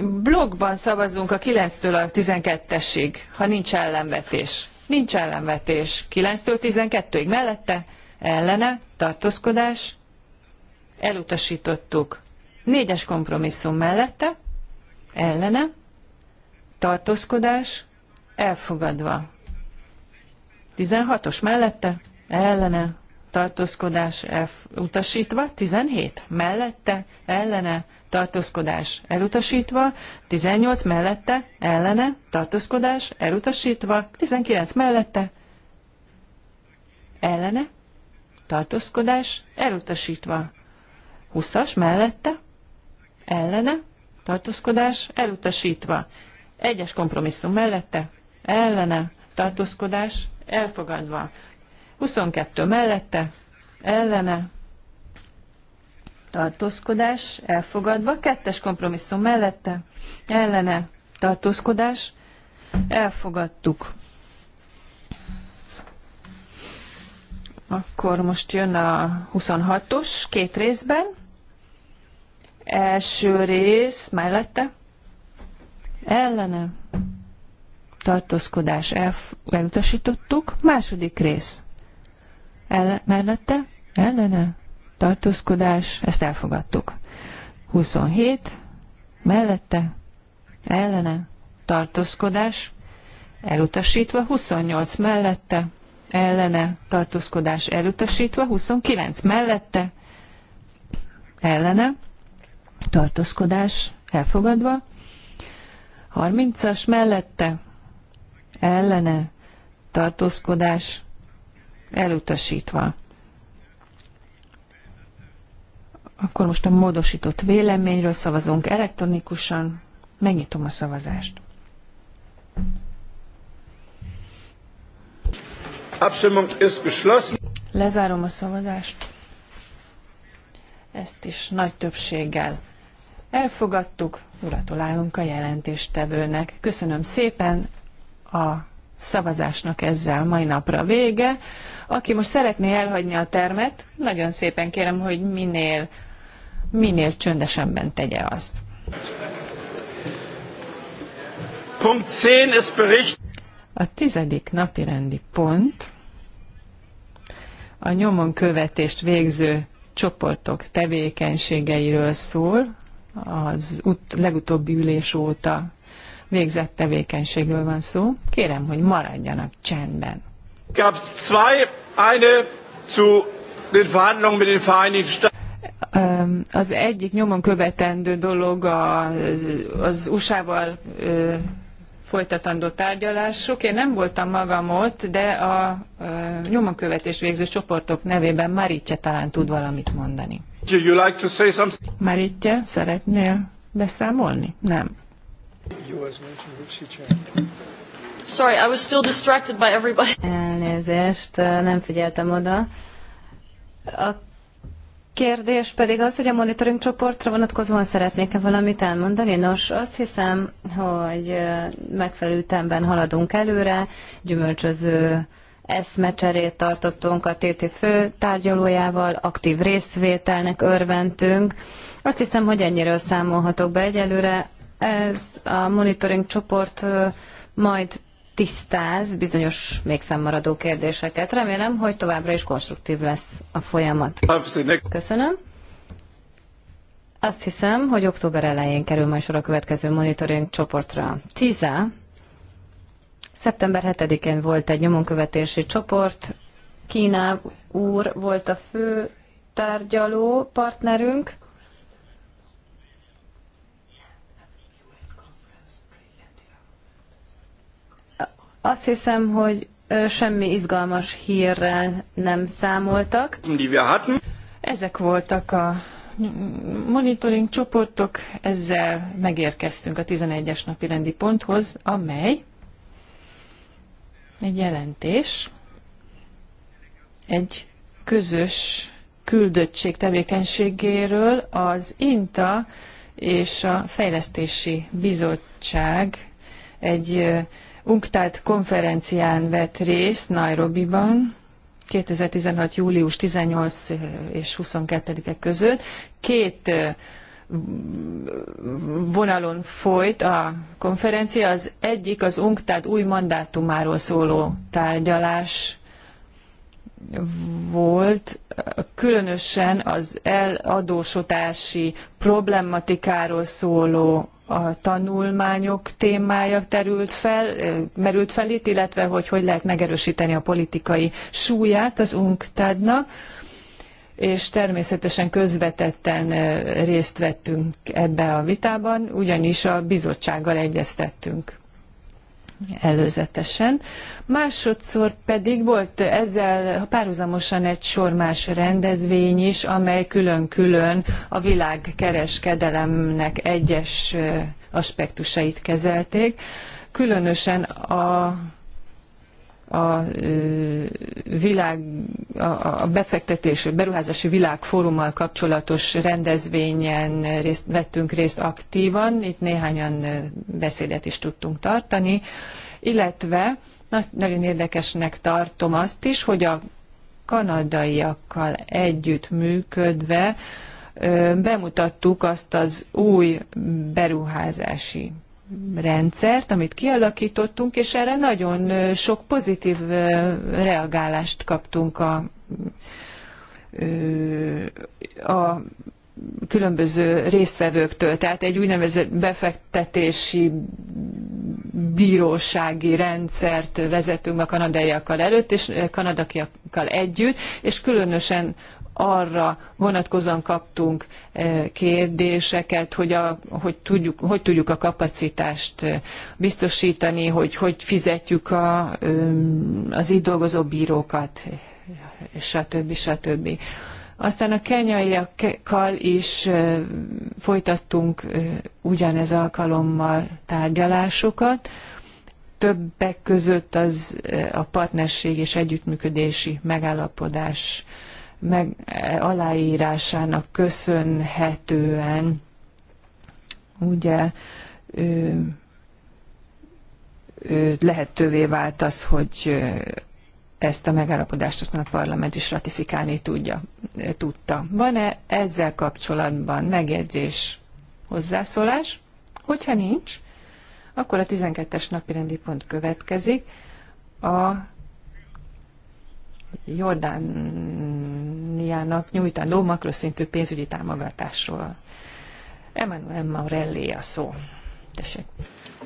blogban szavazzunk a 9-től a 12-esig, ha nincs ellenvetés. Nincs ellenvetés. 9-től 12-ig mellette, ellene, tartózkodás, elutasítottuk. Négyes kompromisszum mellette, ellene, tartózkodás, elfogadva. 16-os mellette, ellene, tartózkodás elutasítva, 17 mellette, ellene, tartózkodás elutasítva, 18 mellette, ellene, tartózkodás elutasítva, 19 mellette, ellene, tartózkodás elutasítva, 20-as mellette, ellene, tartózkodás elutasítva, 1-es kompromisszum mellette, ellene, tartózkodás elfogadva, 22 mellette, ellene, tartózkodás elfogadva, kettes kompromisszum mellette, ellene tartózkodás elfogadtuk. Akkor most jön a 26-os két részben. Első rész mellette, ellene tartózkodás elf- elutasítottuk. Második rész. ellen- mellette? Ellene? tartózkodás, ezt elfogadtuk. 27, mellette, ellene, tartózkodás, elutasítva, 28 mellette, ellene, tartózkodás elutasítva, 29 mellette, ellene, tartózkodás elfogadva, 30-as mellette, ellene, tartózkodás elutasítva. Akkor most a módosított véleményről szavazunk elektronikusan. Megnyitom a szavazást. Lezárom a szavazást. Ezt is nagy többséggel elfogadtuk. Gratulálunk a jelentéstevőnek. Köszönöm szépen a szavazásnak ezzel mai napra vége. Aki most szeretné elhagyni a termet, nagyon szépen kérem, hogy minél minél csöndesebben tegye azt.
Punkt 10
Bericht. A tizedik napi rendi pont a nyomon követést végző csoportok tevékenységeiről szól, az ut- legutóbbi ülés óta végzett tevékenységről van szó. Kérem, hogy maradjanak csendben.
Gab's zwei, eine zu den Verhandlungen mit den Vereinigten Staaten.
Az egyik nyomon követendő dolog az, az USA-val folytatandó tárgyalások. Én nem voltam magam ott, de a nyomon követés végző csoportok nevében Maritje talán tud valamit mondani.
Maritza like
Maritje, szeretnél beszámolni? Nem. Sorry, I was still distracted by everybody.
Elnézést, nem figyeltem oda. A kérdés pedig az, hogy a monitoring csoportra vonatkozóan szeretnék-e valamit elmondani. Nos, azt hiszem, hogy megfelelő ütemben haladunk előre, gyümölcsöző eszmecserét tartottunk a TT fő tárgyalójával, aktív részvételnek örventünk. Azt hiszem, hogy ennyiről számolhatok be egyelőre. Ez a monitoring csoport majd tisztáz bizonyos még fennmaradó kérdéseket. Remélem, hogy továbbra is konstruktív lesz a folyamat. Köszönöm. Azt hiszem, hogy október elején kerül majd sor a következő monitoring csoportra. Tíze. Szeptember 7-én volt egy nyomonkövetési csoport. Kína úr volt a fő tárgyaló partnerünk. Azt hiszem, hogy semmi izgalmas hírrel nem
számoltak.
Ezek voltak a monitoring csoportok, ezzel megérkeztünk a 11-es napi rendi ponthoz, amely egy jelentés, egy közös küldöttség tevékenységéről az INTA és a Fejlesztési Bizottság egy UNCTAD konferencián vett részt Nairobiban, 2016. július 18 és 22-e között. Két vonalon folyt a konferencia. Az egyik az UNCTAD új mandátumáról szóló tárgyalás volt, különösen az eladósodási problematikáról szóló a tanulmányok témája terült fel, merült fel itt, illetve hogy hogy lehet megerősíteni a politikai súlyát az UNCTAD-nak és természetesen közvetetten részt vettünk ebbe a vitában, ugyanis a bizottsággal egyeztettünk előzetesen. Másodszor pedig volt ezzel párhuzamosan egy sor más rendezvény is, amely külön-külön a világkereskedelemnek egyes aspektusait kezelték. Különösen a a világ, a befektetés, beruházási világfórummal kapcsolatos rendezvényen részt, vettünk részt aktívan, itt néhányan beszédet is tudtunk tartani, illetve nagyon érdekesnek tartom azt is, hogy a kanadaiakkal együtt működve bemutattuk azt az új beruházási rendszert, amit kialakítottunk, és erre nagyon sok pozitív reagálást kaptunk a, a különböző résztvevőktől, tehát egy úgynevezett befektetési bírósági rendszert vezetünk a kanadaiakkal előtt, és kanadakiakkal együtt, és különösen arra vonatkozóan kaptunk eh, kérdéseket, hogy, a, hogy, tudjuk, hogy tudjuk a kapacitást eh, biztosítani, hogy hogy fizetjük a, eh, az itt dolgozó bírókat, stb. stb. Aztán a kenyaiakkal is folytattunk ugyanez alkalommal tárgyalásokat, többek között az a partnerség és együttműködési megállapodás meg, eh, aláírásának köszönhetően ugye ö, ö, lehetővé vált az, hogy ezt a megállapodást aztán a parlament is ratifikálni tudja, tudta. Van-e ezzel kapcsolatban megjegyzés, hozzászólás? Hogyha nincs, akkor a 12-es napi rendi pont következik. A Jordán Romániának nyújtandó makroszintű pénzügyi támogatásról. Emmanuel Maurelli a szó. Tessék.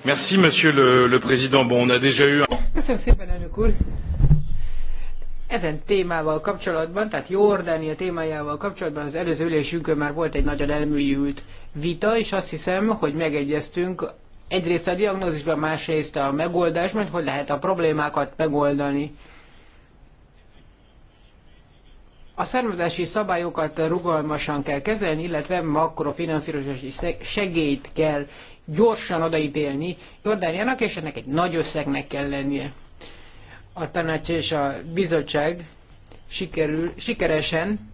Merci, monsieur le, le président. Bon, on a déjà eu...
Köszönöm szépen, elnök úr. Ezen témával kapcsolatban, tehát Jordánia témájával kapcsolatban az előző ülésünkön már volt egy nagyon elműjült vita, és azt hiszem, hogy megegyeztünk egyrészt a diagnózisban, másrészt a megoldásban, hogy lehet a problémákat megoldani. A származási szabályokat rugalmasan kell kezelni, illetve makrofinanszírozási segélyt kell gyorsan odaítélni Jordániának, és ennek egy nagy összegnek kell lennie. A tanács és a bizottság sikerül, sikeresen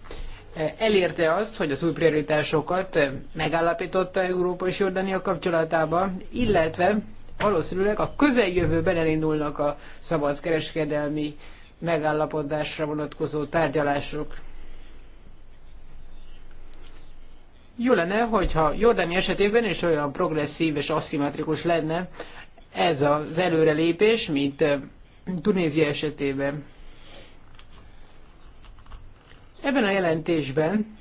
eh, elérte azt, hogy az új prioritásokat eh, megállapította Európa és Jordánia kapcsolatában, illetve valószínűleg a közeljövőben elindulnak a szabadkereskedelmi megállapodásra vonatkozó tárgyalások. Jó lenne, hogyha Jordani esetében is olyan progresszív és aszimmetrikus lenne ez az előrelépés, mint Tunézia esetében. Ebben a jelentésben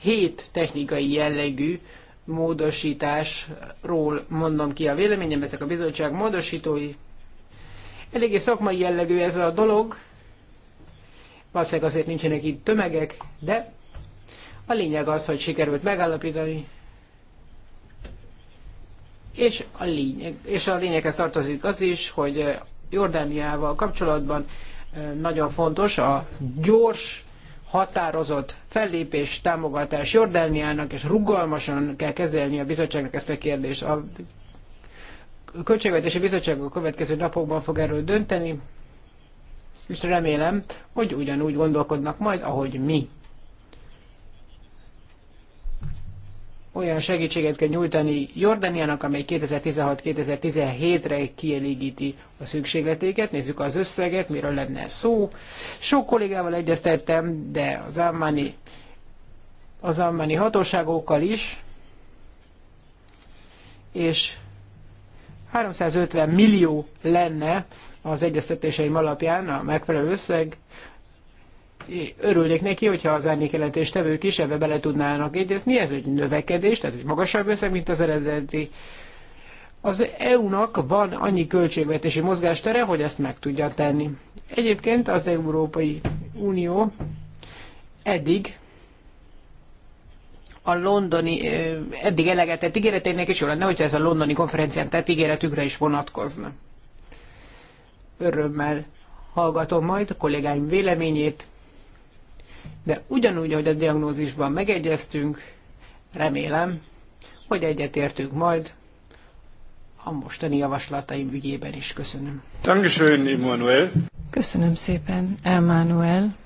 hét technikai jellegű módosításról mondom ki a véleményem, ezek a bizottság módosítói. Eléggé szakmai jellegű ez a dolog, Valószínűleg azért nincsenek itt tömegek, de a lényeg az, hogy sikerült megállapítani, és a, lényeg, és a lényeghez tartozik az is, hogy Jordániával kapcsolatban nagyon fontos a gyors, határozott fellépés, támogatás Jordániának, és rugalmasan kell kezelni a bizottságnak ezt a kérdést. A Költségvetési Bizottság a következő napokban fog erről dönteni, és remélem, hogy ugyanúgy gondolkodnak majd, ahogy mi. Olyan segítséget kell nyújtani Jordániának, amely 2016-2017-re kielégíti a szükségletéket. Nézzük az összeget, miről lenne szó. Sok kollégával egyeztettem, de az álmáni, az álmáni hatóságokkal is, és 350 millió lenne az egyeztetéseim alapján a megfelelő összeg. Örülnék neki, hogyha az árnyékelentés tevők is ebbe bele tudnának egyezni. Ez egy növekedés, tehát egy magasabb összeg, mint az eredeti. Az EU-nak van annyi költségvetési mozgástere, hogy ezt meg tudja tenni. Egyébként az Európai Unió eddig a londoni, eddig elegetett ígéreteinek is jó lenne, hogyha ez a londoni konferencián tett ígéretükre is vonatkozna örömmel hallgatom majd a kollégáim véleményét, de ugyanúgy, ahogy a diagnózisban megegyeztünk, remélem, hogy egyetértünk majd a mostani javaslataim ügyében is. Köszönöm.
Dankeschön, Emmanuel.
Köszönöm
szépen, Emmanuel.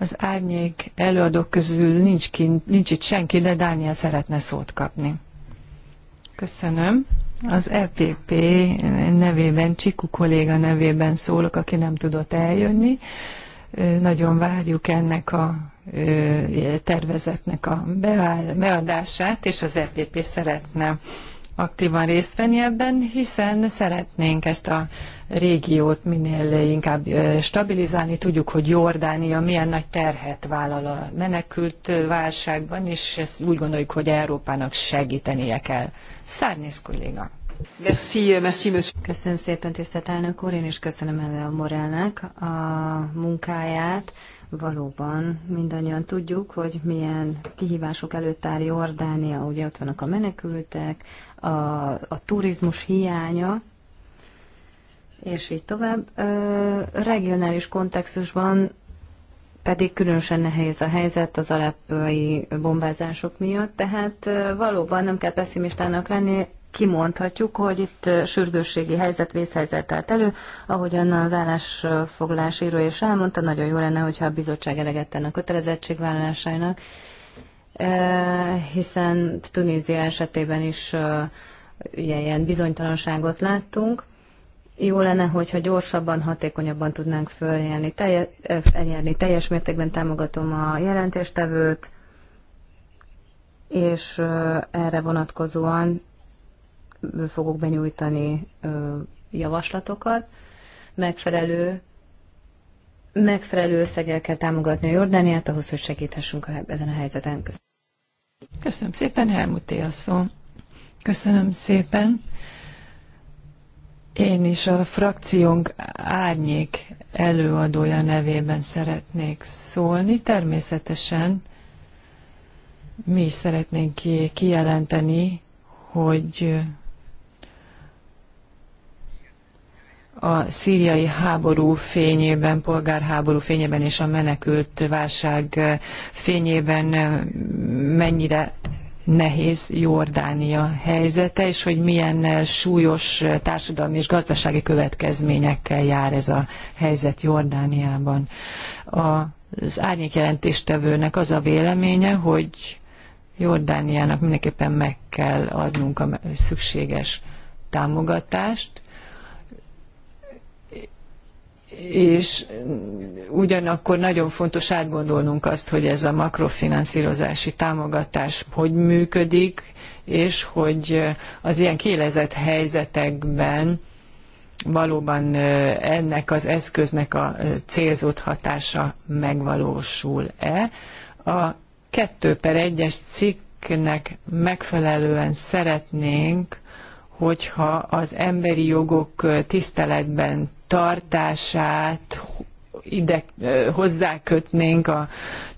Az árnyék előadók közül nincs, kint, nincs itt senki, de Dániel szeretne szót kapni. Köszönöm. Az EPP nevében, Csiku kolléga nevében szólok, aki nem tudott eljönni. Nagyon várjuk ennek a tervezetnek a beadását, és az EPP szeretne aktívan részt venni ebben, hiszen szeretnénk ezt a régiót minél inkább stabilizálni. Tudjuk, hogy Jordánia milyen nagy terhet vállal a menekült válságban, és ezt úgy gondoljuk, hogy Európának segítenie kell. Szárnész kolléga. Merci, euh, merci, monsieur. Köszönöm szépen, tisztelt
elnök úr, én is köszönöm a Morelnek a munkáját Valóban mindannyian tudjuk, hogy milyen kihívások előtt áll Jordánia, ugye ott vannak a menekültek, a, a turizmus hiánya, és így tovább. Ö, regionális kontextusban pedig különösen nehéz a helyzet az alepői bombázások miatt, tehát valóban nem kell pessimistának lenni, kimondhatjuk, hogy itt sürgősségi helyzet, vészhelyzet telt elő, ahogyan az állásfoglalás író is elmondta, nagyon jó lenne, hogyha a bizottság eleget tenne a kötelezettségvállalásainak, hiszen Tunézia esetében is ilyen bizonytalanságot láttunk. Jó lenne, hogyha gyorsabban, hatékonyabban tudnánk följárni, telje, eljárni. Teljes mértékben támogatom a jelentéstevőt, és erre vonatkozóan fogok benyújtani javaslatokat. Megfelelő, megfelelő összeggel kell támogatni a Jordániát ahhoz, hogy segíthessünk a, ezen a helyzeten. Köszönöm, Köszönöm szépen, Helmut szó.
Köszönöm szépen. Én is a frakciónk árnyék előadója nevében szeretnék szólni. Természetesen mi is szeretnénk kijelenteni, hogy a szíriai háború fényében, polgárháború fényében és a menekült válság fényében mennyire nehéz Jordánia helyzete, és hogy milyen súlyos társadalmi és gazdasági következményekkel jár ez a helyzet Jordániában. Az árnyékjelentéstevőnek az a véleménye, hogy Jordániának mindenképpen meg kell adnunk a szükséges támogatást, és ugyanakkor nagyon fontos átgondolnunk azt, hogy ez a makrofinanszírozási támogatás hogy működik, és hogy az ilyen kélezett helyzetekben valóban ennek az eszköznek a célzott hatása megvalósul-e. A 2 per 1-es cikknek megfelelően szeretnénk, hogyha az emberi jogok tiszteletben tartását ide hozzákötnénk a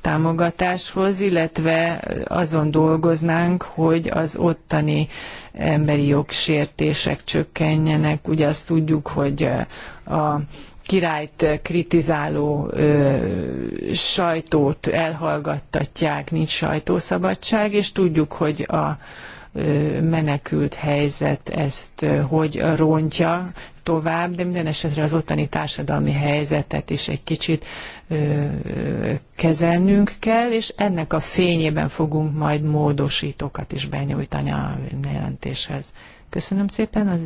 támogatáshoz, illetve azon dolgoznánk, hogy az ottani emberi jogsértések csökkenjenek. Ugye azt tudjuk, hogy a királyt kritizáló ö, sajtót elhallgattatják, nincs sajtószabadság, és tudjuk, hogy a menekült helyzet ezt hogy rontja tovább, de minden esetre az ottani társadalmi helyzetet is egy kicsit kezelnünk kell, és ennek a fényében fogunk majd módosítókat is benyújtani a jelentéshez. Köszönöm szépen, az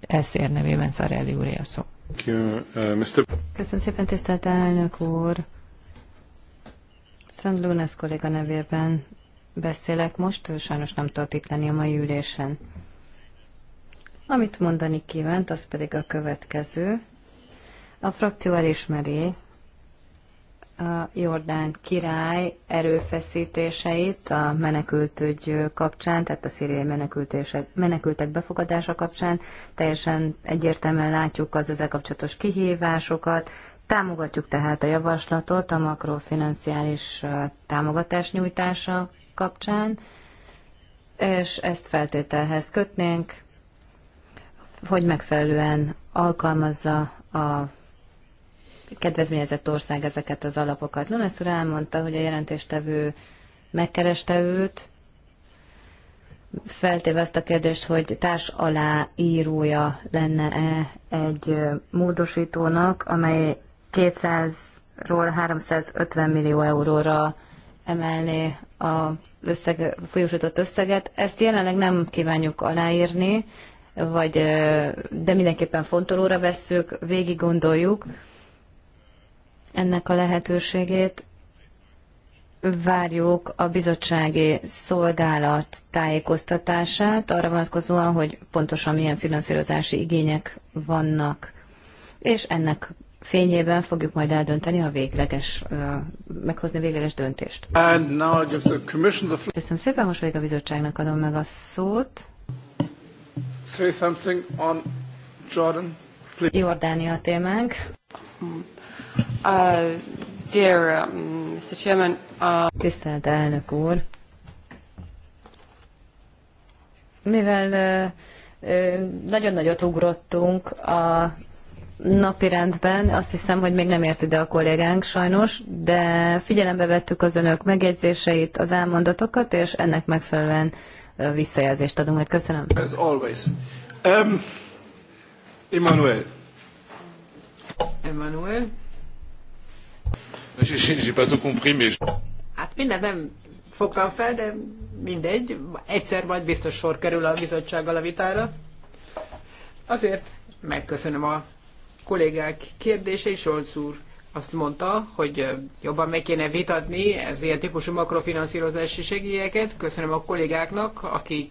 eszér nevében Szarelli úr a szó. Uh, Köszönöm szépen, tisztelt elnök úr!
Szent Lunes kolléga nevében beszélek most, sajnos nem tudott itt lenni a mai ülésen. Amit mondani kívánt, az pedig a következő. A frakció elismeri a Jordán király erőfeszítéseit a menekültügy kapcsán, tehát a szíriai menekültek befogadása kapcsán. Teljesen egyértelműen látjuk az ezzel kapcsolatos kihívásokat. Támogatjuk tehát a javaslatot a makrofinanciális támogatás nyújtása kapcsán, és ezt feltételhez kötnénk, hogy megfelelően alkalmazza a kedvezményezett ország ezeket az alapokat. Lunasz úr elmondta, hogy a jelentéstevő megkereste őt, feltéve azt a kérdést, hogy társ alá írója lenne-e egy módosítónak, amely 200-ról 350 millió euróra emelné az összeg, folyósított összeget. Ezt jelenleg nem kívánjuk aláírni, vagy, de mindenképpen fontolóra vesszük, végig gondoljuk ennek a lehetőségét. Várjuk a bizottsági szolgálat tájékoztatását arra vonatkozóan, hogy pontosan milyen finanszírozási igények vannak, és ennek fényében fogjuk majd eldönteni a végleges, meghozni a végleges döntést. Köszönöm szépen, most pedig a bizottságnak adom meg a szót.
Say something on Jordan, please.
Jordánia témánk. Uh,
dear um, Mr.
Chairman, uh... Tisztelt elnök úr! Mivel uh, nagyon nagyot ugrottunk a napirendben. Azt hiszem, hogy még nem ért ide a kollégánk sajnos, de figyelembe vettük az önök megjegyzéseit, az elmondatokat, és ennek megfelelően visszajelzést adunk hogy Köszönöm. As
always. Um, Emmanuel.
Emmanuel. Hát minden nem fogtam fel, de mindegy. Egyszer majd biztos sor kerül a bizottsággal a vitára. Azért megköszönöm a kollégák kérdése is úr azt mondta, hogy jobban meg kéne vitatni ez ilyen típusú makrofinanszírozási segélyeket. Köszönöm a kollégáknak, akik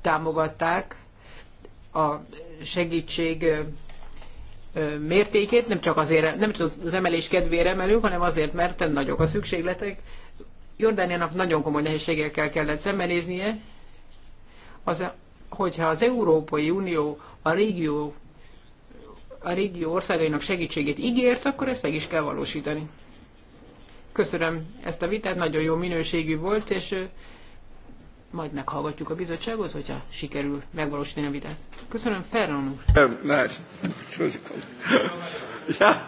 támogatták a segítség mértékét, nem csak azért, nem csak az emelés kedvére emelünk, hanem azért, mert nagyok a szükségletek. Jordániának nagyon komoly nehézségekkel kellett szembenéznie, az, hogyha az Európai Unió a régió a régió országainak segítségét ígért, akkor ezt meg is kell valósítani. Köszönöm ezt a vitát, nagyon jó minőségű volt, és majd meghallgatjuk a bizottságot, hogyha sikerül megvalósítani a vitát. Köszönöm, Ferran úr. Ja.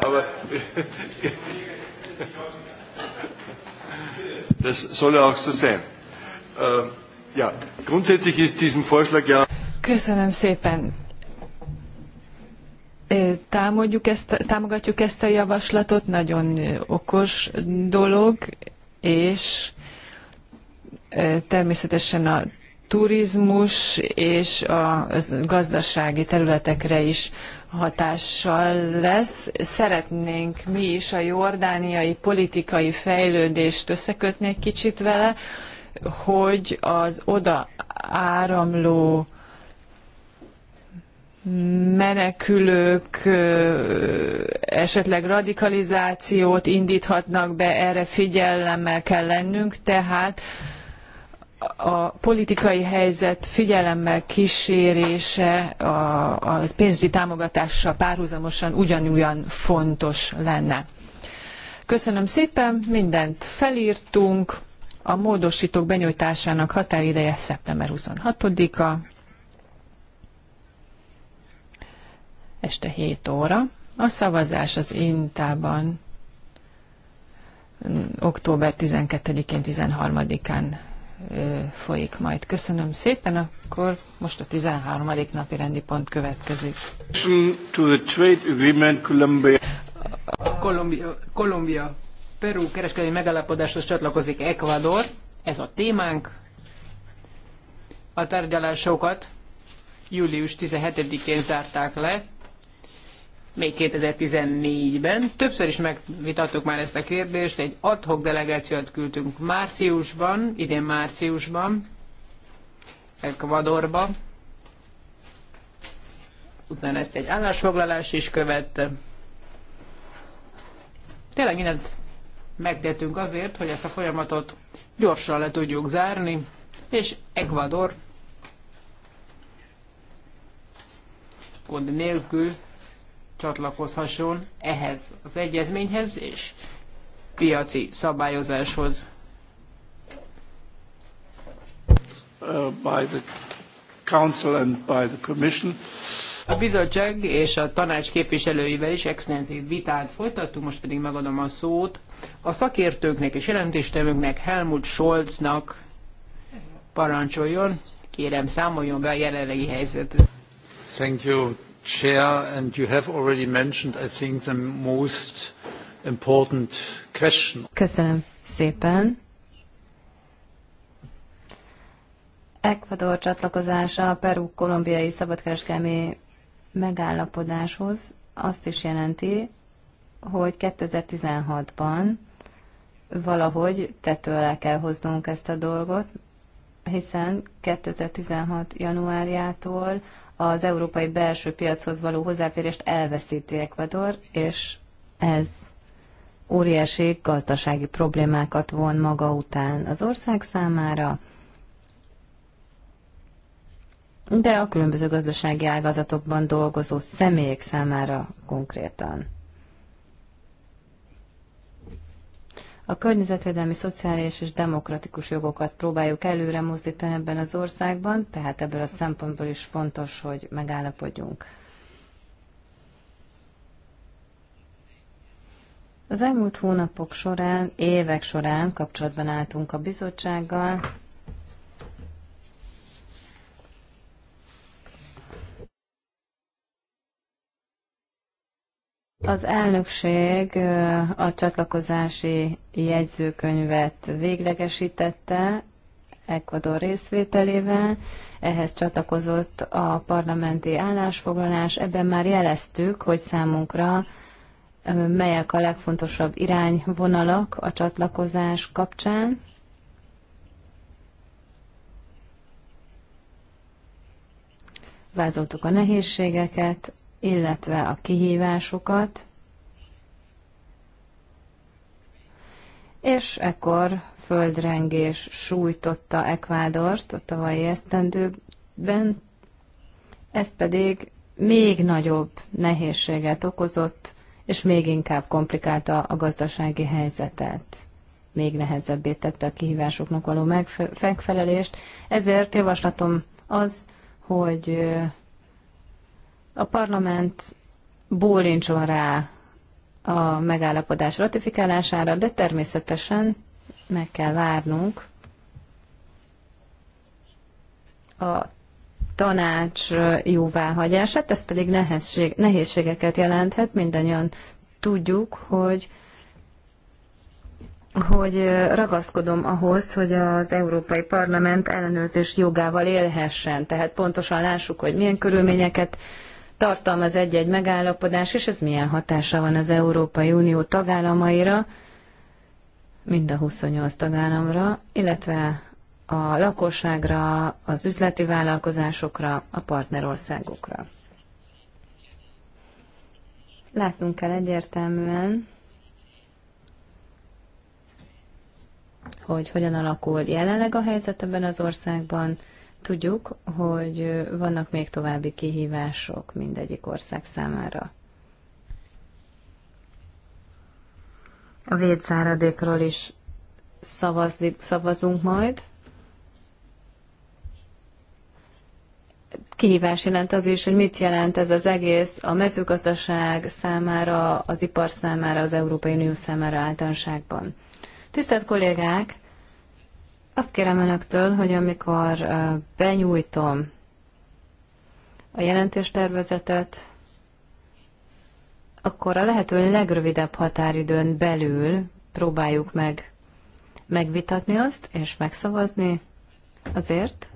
Aber das soll auch so sein. Ähm, Ja, grundsätzlich ist diesen Vorschlag ja.
Köszönöm szépen. ezt, támogatjuk ezt a javaslatot, nagyon okos dolog, és természetesen a turizmus és a gazdasági területekre is hatással lesz. Szeretnénk mi is a jordániai politikai fejlődést összekötni egy kicsit vele, hogy az oda áramló menekülők esetleg radikalizációt indíthatnak be, erre figyelemmel kell lennünk, tehát a politikai helyzet figyelemmel kísérése a, a pénzügyi támogatással párhuzamosan ugyanúgyan fontos lenne. Köszönöm szépen, mindent felírtunk. A módosítók benyújtásának határideje szeptember 26-a, este 7 óra. A szavazás az Intában mm, október 12-én, 13-án folyik majd. Köszönöm szépen, akkor most a 13. napi rendi pont következik.
To the trade agreement Colombia.
Kolumbia, Kolumbia Peru kereskedelmi megállapodáshoz csatlakozik Ecuador, ez a témánk. A tárgyalásokat július 17-én zárták le, még 2014-ben. Többször is megvitattuk már ezt a kérdést, egy adhok delegációt küldtünk márciusban, idén márciusban, Ecuadorba. Utána ezt egy állásfoglalás is követte. Tényleg mindent megtettünk azért, hogy ezt a folyamatot gyorsan le tudjuk zárni, és Ecuador gond nélkül csatlakozhasson ehhez az egyezményhez és piaci szabályozáshoz.
Uh, by the Council and by the Commission.
A bizottság és a tanács képviselőivel is extenzív vitát folytattunk, most pedig megadom a szót a szakértőknek és jelentéstevőknek, Helmut Scholznak parancsoljon. Kérem, számoljon be a jelenlegi helyzetről.
Thank you, Chair, and you have already mentioned, I think, the most important question.
Köszönöm
szépen. Ecuador csatlakozása a Peru-kolumbiai szabadkereskedelmi megállapodáshoz azt is jelenti, hogy 2016-ban valahogy tető alá kell hoznunk ezt a dolgot, hiszen 2016. januárjától az európai belső piachoz való hozzáférést elveszíti Ecuador, és ez óriási gazdasági problémákat von maga után az ország számára, de a különböző gazdasági ágazatokban dolgozó személyek számára konkrétan. A környezetvédelmi, szociális és demokratikus jogokat próbáljuk előre mozdítani ebben az országban, tehát ebből a szempontból is fontos, hogy megállapodjunk. Az elmúlt hónapok során, évek során kapcsolatban álltunk a bizottsággal, Az elnökség a csatlakozási jegyzőkönyvet véglegesítette Ecuador részvételével, ehhez csatlakozott a parlamenti állásfoglalás, ebben már jeleztük, hogy számunkra melyek a legfontosabb irányvonalak a csatlakozás kapcsán. Vázoltuk a nehézségeket, illetve a kihívásokat, és ekkor földrengés sújtotta Ekvádort a tavalyi esztendőben, ez pedig még nagyobb nehézséget okozott, és még inkább komplikálta a gazdasági helyzetet. Még nehezebbé tette a kihívásoknak való megfelelést. Ezért javaslatom az, hogy a parlament bólincson rá a megállapodás ratifikálására, de természetesen meg kell várnunk a tanács jóváhagyását, ez pedig nehézség, nehézségeket jelenthet. Mindannyian tudjuk, hogy hogy ragaszkodom ahhoz, hogy az Európai Parlament ellenőrzés jogával élhessen. Tehát pontosan lássuk, hogy milyen körülményeket tartalmaz egy-egy megállapodás, és ez milyen hatása van az Európai Unió tagállamaira, mind a 28 tagállamra, illetve a lakosságra, az üzleti vállalkozásokra, a partnerországokra. Látnunk kell egyértelműen, hogy hogyan alakul jelenleg a helyzet ebben az országban, Tudjuk, hogy vannak még további kihívások mindegyik ország számára. A védszáradékról is szavazni, szavazunk majd. Kihívás jelent az is, hogy mit jelent ez az egész a mezőgazdaság számára, az ipar számára, az Európai Unió számára általánoságban. Tisztelt kollégák! Azt kérem önöktől, hogy amikor benyújtom a jelentéstervezetet, akkor a lehető legrövidebb határidőn belül próbáljuk meg megvitatni azt, és megszavazni azért,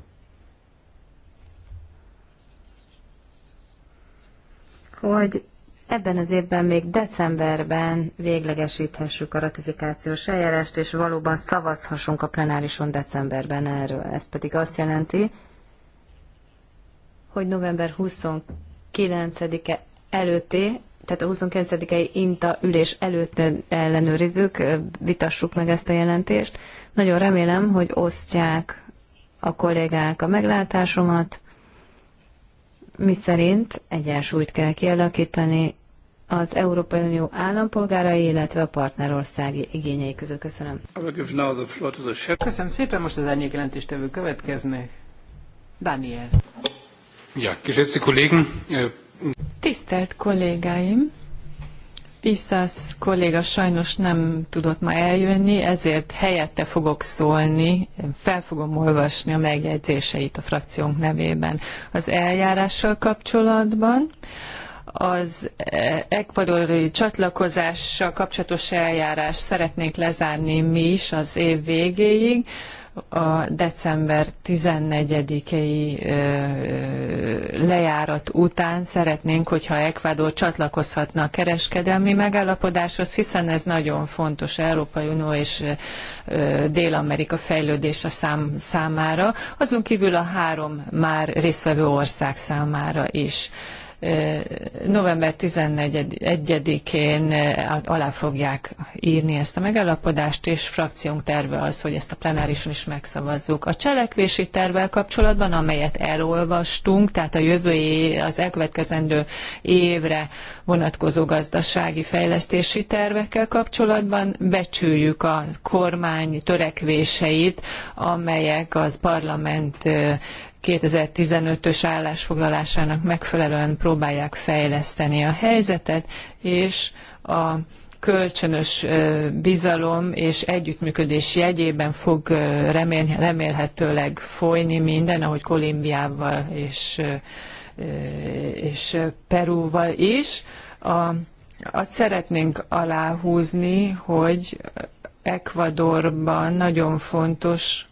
hogy ebben az évben még decemberben véglegesíthessük a ratifikációs eljárást, és valóban szavazhassunk a plenárison decemberben erről. Ez pedig azt jelenti, hogy november 29-e előtti, tehát a 29-i INTA ülés előtt ellenőrizzük, vitassuk meg ezt a jelentést. Nagyon remélem, hogy osztják a kollégák a meglátásomat, mi szerint egyensúlyt kell kialakítani az Európai Unió állampolgárai, illetve a partnerországi igényei között. Köszönöm.
Köszönöm szépen, most az árnyék jelentéstevő következne. Daniel.
Ja, geschätzte Kollegen. Äh,
Tisztelt
kollégáim! Piszasz kolléga sajnos nem tudott ma eljönni, ezért helyette fogok szólni, fel fogom olvasni a megjegyzéseit a frakciónk nevében az eljárással kapcsolatban az ekvadori csatlakozással kapcsolatos eljárás szeretnénk lezárni mi is az év végéig a december 14-i lejárat után szeretnénk, hogyha Ecuador csatlakozhatna a kereskedelmi megállapodáshoz, hiszen ez nagyon fontos Európai Unió és Dél-Amerika fejlődése szám, számára, azon kívül a három már résztvevő ország számára is november 14-én alá fogják írni ezt a megállapodást, és frakciónk terve az, hogy ezt a plenárison is megszavazzuk. A cselekvési tervvel kapcsolatban, amelyet elolvastunk, tehát a jövői, az elkövetkezendő évre vonatkozó gazdasági fejlesztési tervekkel kapcsolatban becsüljük a kormány törekvéseit, amelyek az parlament 2015-ös állásfoglalásának megfelelően próbálják fejleszteni a helyzetet, és a kölcsönös bizalom és együttműködés jegyében fog remél, remélhetőleg folyni minden, ahogy Kolumbiával és, és Perúval is. A, azt szeretnénk aláhúzni, hogy Ekvadorban nagyon fontos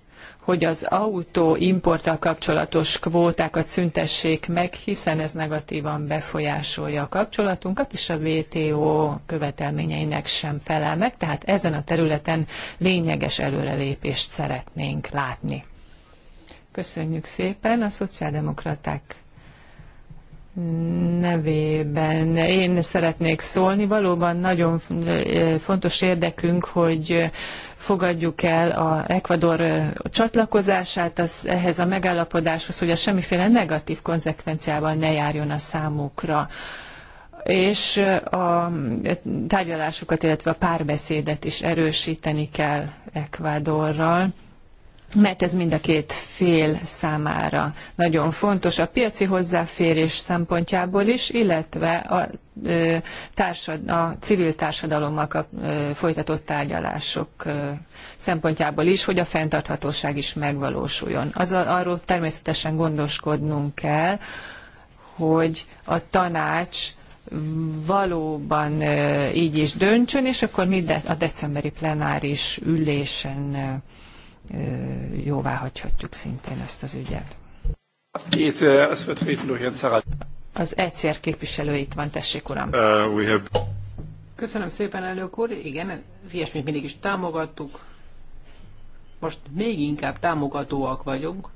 hogy az autóimporttal kapcsolatos kvótákat szüntessék meg, hiszen ez negatívan befolyásolja a kapcsolatunkat, és a WTO követelményeinek sem felel meg, tehát ezen a területen lényeges előrelépést szeretnénk látni. Köszönjük szépen a szociáldemokraták nevében én szeretnék szólni. Valóban nagyon eh, fontos érdekünk, hogy fogadjuk el a Ecuador eh, csatlakozását az, ehhez a megállapodáshoz, hogy a semmiféle negatív konzekvenciával ne járjon a számukra és eh, a tárgyalásokat, illetve a párbeszédet is erősíteni kell Ecuadorral mert ez mind a két fél számára nagyon fontos a piaci hozzáférés szempontjából is, illetve a, társadal, a civil társadalommal kap, folytatott tárgyalások szempontjából is, hogy a fenntarthatóság is megvalósuljon. Az, arról természetesen gondoskodnunk kell, hogy a tanács valóban így is döntsön, és akkor mi de, a decemberi plenáris ülésen jóvá hagyhatjuk szintén ezt az ügyet.
E
az egyszer képviselő itt van, tessék uram. Uh,
Köszönöm szépen, elnök úr. Igen, az ilyesmit mindig is támogattuk. Most még inkább támogatóak vagyunk,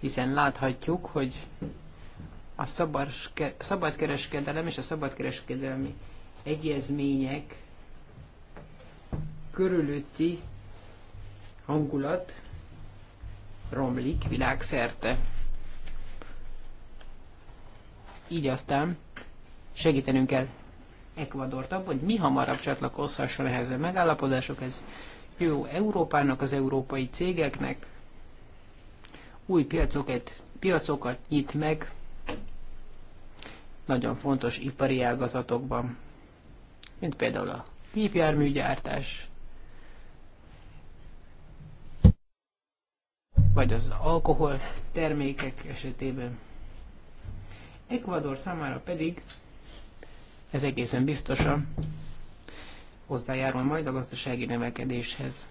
hiszen láthatjuk, hogy a szabadkereskedelem és a szabadkereskedelmi egyezmények körülötti hangulat romlik világszerte. Így aztán segítenünk kell Ecuadort abban, hogy mi hamarabb csatlakozhasson ehhez a megállapodások, ez jó Európának, az európai cégeknek, új piacokat, piacokat nyit meg, nagyon fontos ipari ágazatokban, mint például a gépjárműgyártás, vagy az alkohol termékek esetében. Ecuador számára pedig ez egészen biztosan hozzájárul majd a gazdasági növekedéshez.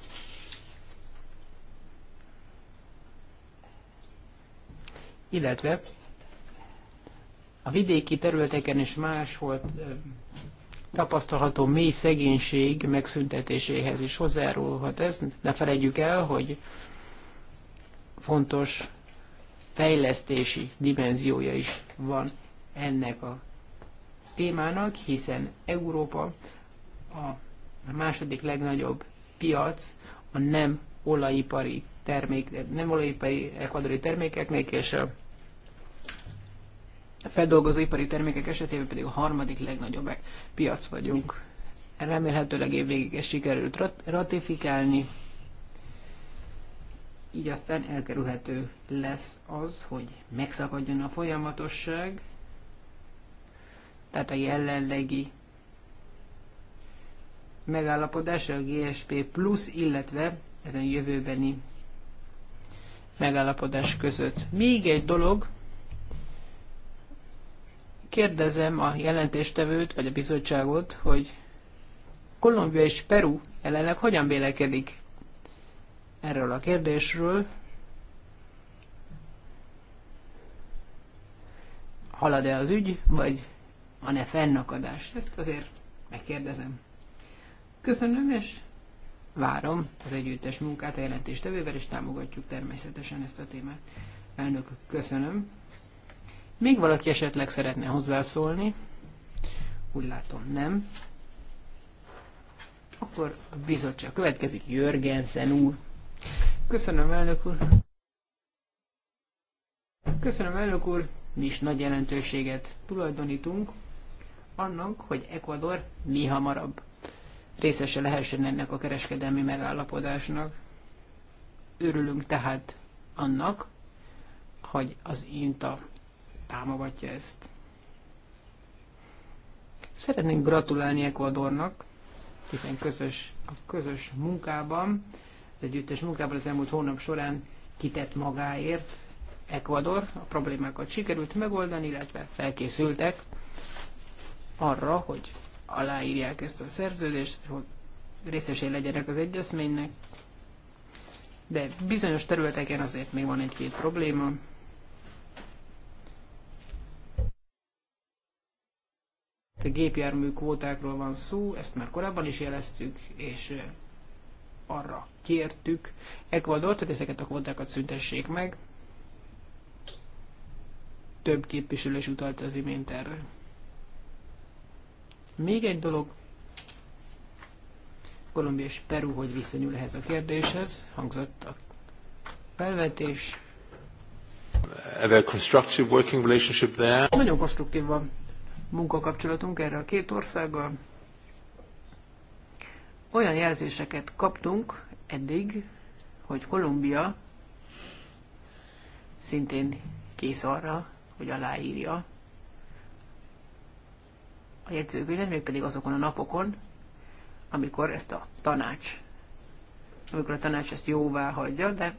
Illetve a vidéki területeken is máshol tapasztalható mély szegénység megszüntetéséhez is hozzájárulhat ez. Ne felejtjük el, hogy fontos fejlesztési dimenziója is van ennek a témának, hiszen Európa a második legnagyobb piac a nem olajipari termék, nem olajipari ekvadori termékeknek, és a feldolgozóipari termékek esetében pedig a harmadik legnagyobb piac vagyunk. Remélhetőleg évvégig sikerült ratifikálni így aztán elkerülhető lesz az, hogy megszakadjon a folyamatosság, tehát a jelenlegi megállapodás a GSP plusz, illetve ezen jövőbeni megállapodás között. Még egy dolog, kérdezem a jelentéstevőt, vagy a bizottságot, hogy Kolumbia és Peru jelenleg hogyan vélekedik erről a kérdésről. Halad-e az ügy, vagy van-e fennakadás? Ezt azért megkérdezem. Köszönöm, és várom az együttes munkát a jelentéstevővel, és támogatjuk természetesen ezt a témát. Elnök, köszönöm. Még valaki esetleg szeretne hozzászólni? Úgy látom, nem. Akkor a bizottság következik, Jörgensen úr. Köszönöm, elnök úr. Köszönöm, elnök úr. Mi is nagy jelentőséget tulajdonítunk annak, hogy Ecuador mi hamarabb részese lehessen ennek a kereskedelmi megállapodásnak. Örülünk tehát annak, hogy az INTA támogatja ezt. Szeretnénk gratulálni Ecuadornak, hiszen közös, a közös munkában együttes munkával az elmúlt hónap során kitett magáért Ecuador. A problémákat sikerült megoldani, illetve felkészültek arra, hogy aláírják ezt a szerződést, hogy részesé legyenek az egyezménynek. De bizonyos területeken azért még van egy-két probléma. A gépjármű kvótákról van szó, ezt már korábban is jeleztük, és arra kértük Ecuador, tehát ezeket a kvótákat szüntessék meg. Több képviselő is utalt az imént erre. Még egy dolog, Kolumbia és Peru hogy viszonyul ehhez a kérdéshez, hangzott a felvetés.
Have a constructive working relationship there.
Nagyon konstruktív a munkakapcsolatunk erre a két országgal. Olyan jelzéseket kaptunk eddig, hogy Kolumbia szintén kész arra, hogy aláírja a jegyzőkönyvet, mégpedig azokon a napokon, amikor ezt a tanács, amikor a tanács ezt jóvá hagyja, de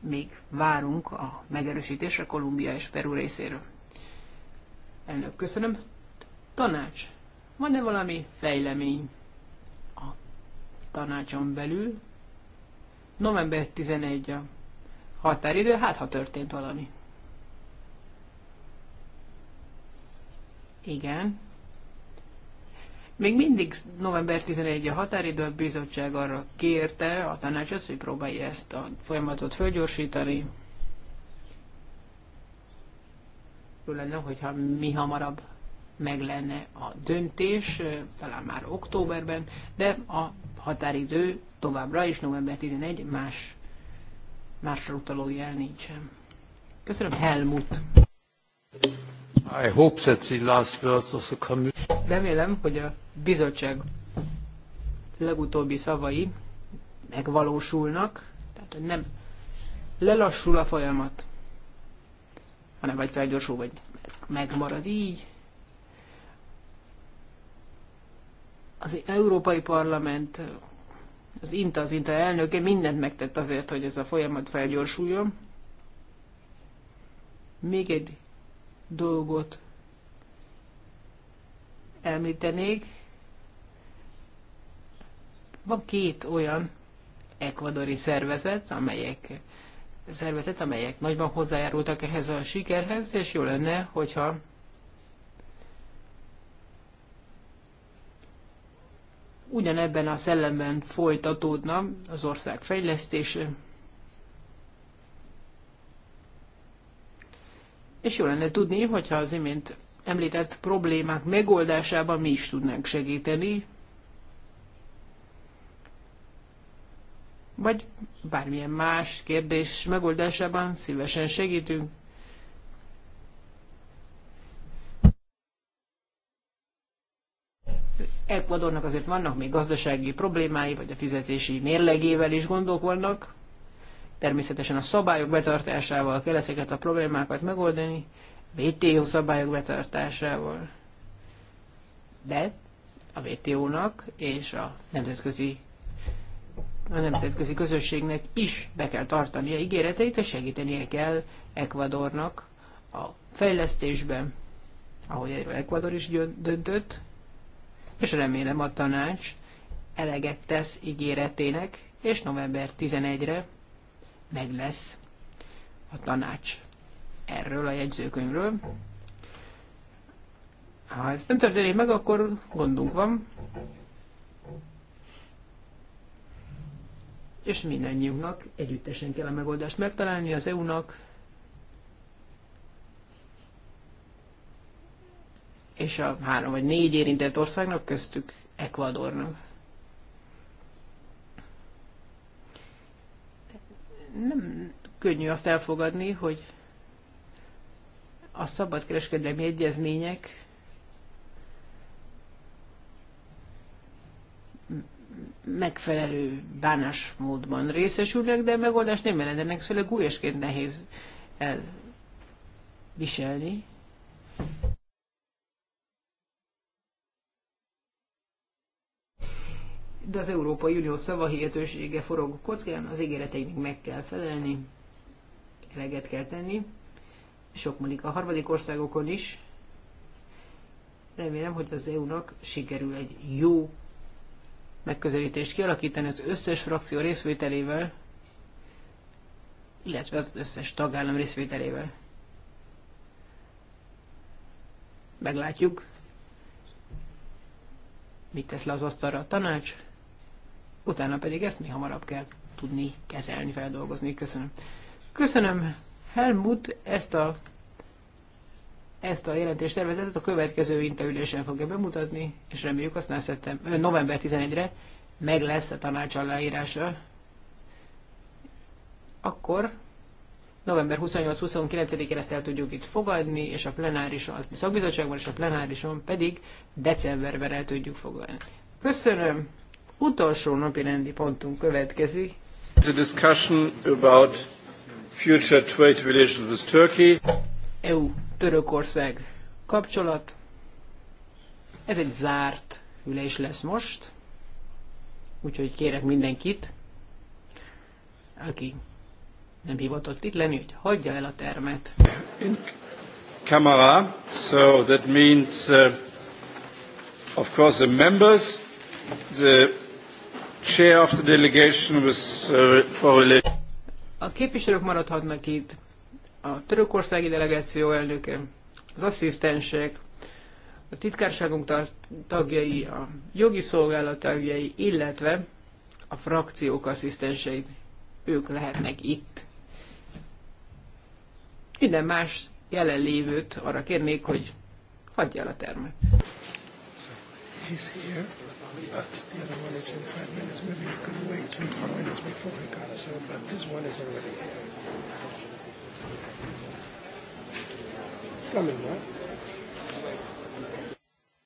még várunk a megerősítésre Kolumbia és Peru részéről. Elnök, köszönöm. Tanács, van-e valami fejlemény? tanácson belül. November 11 a határidő, hát ha történt valami. Igen. Még mindig november 11 a határidő, a bizottság arra kérte a tanácsot, hogy próbálja ezt a folyamatot fölgyorsítani. Jó lenne, hogyha mi hamarabb meg lenne a döntés, talán már októberben, de a határidő továbbra is november 11 más, másra utaló jel nincsen. Köszönöm, Helmut!
I hope that the last words of the commission...
Remélem, hogy a bizottság legutóbbi szavai megvalósulnak, tehát hogy nem lelassul a folyamat, hanem vagy felgyorsul, vagy megmarad így. Az Európai Parlament, az INTA, az INTA elnöke mindent megtett azért, hogy ez a folyamat felgyorsuljon. Még egy dolgot említenék. Van két olyan ekvadori szervezet, amelyek szervezet, amelyek nagyban hozzájárultak ehhez a sikerhez, és jó lenne, hogyha ugyanebben a szellemben folytatódna az ország fejlesztése, és jó lenne tudni, hogyha az imént említett problémák megoldásában mi is tudnánk segíteni, vagy bármilyen más kérdés megoldásában szívesen segítünk, Ecuadornak azért vannak még gazdasági problémái, vagy a fizetési mérlegével is gondok vannak. Természetesen a szabályok betartásával kell ezeket a problémákat megoldani, WTO szabályok betartásával. De a WTO-nak és a nemzetközi a nemzetközi közösségnek is be kell tartania ígéreteit, és segítenie kell Ecuadornak a fejlesztésben, ahogy erről Ecuador is döntött, és remélem a tanács eleget tesz ígéretének, és november 11-re meg lesz a tanács erről a jegyzőkönyvről. Ha ez nem történik meg, akkor gondunk van. És mindannyiunknak együttesen kell a megoldást megtalálni az EU-nak, és a három vagy négy érintett országnak, köztük Ecuadornak. Nem könnyű azt elfogadni, hogy a szabadkereskedelmi egyezmények megfelelő bánásmódban részesülnek, de megoldást nem jelentenek, főleg újasként nehéz elviselni. de az Európai Unió szavahihetősége forog kockán, az ígéreteinek meg kell felelni, eleget kell tenni. Sok múlik a harmadik országokon is. Remélem, hogy az EU-nak sikerül egy jó megközelítést kialakítani az összes frakció részvételével, illetve az összes tagállam részvételével. Meglátjuk, mit tesz le az asztalra a tanács utána pedig ezt mi hamarabb kell tudni kezelni, feldolgozni. Köszönöm. Köszönöm, Helmut, ezt a ezt a jelentéstervezetet a következő interülésen fogja bemutatni, és reméljük aztán szeptember, november 11-re meg lesz a tanács aláírása. Akkor november 28-29-ére ezt el tudjuk itt fogadni, és a plenárison, a szakbizottságban és a plenárison pedig decemberben el tudjuk fogadni. Köszönöm! utolsó napi rendi pontunk következik.
It's a discussion about future trade relations
with Turkey. EU Törökország kapcsolat. Ez egy zárt ülés lesz most, úgyhogy kérek mindenkit, aki nem hivatott itt lenni, hogy hagyja el a termet. In
camera, so that means, uh, of course, the members, the Chair of the delegation was, uh, for
A képviselők maradhatnak itt. A törökországi delegáció elnöke, az asszisztensek, a titkárságunk tagjai, a jogi szolgálat tagjai, illetve a frakciók asszisztensei, ők lehetnek itt. Minden más jelenlévőt arra kérnék, hogy hagyja el a termet.
He's here. But the other one is in five minutes. Maybe you could wait two, four minutes before he comes. So, but this one is already here. It's coming, right?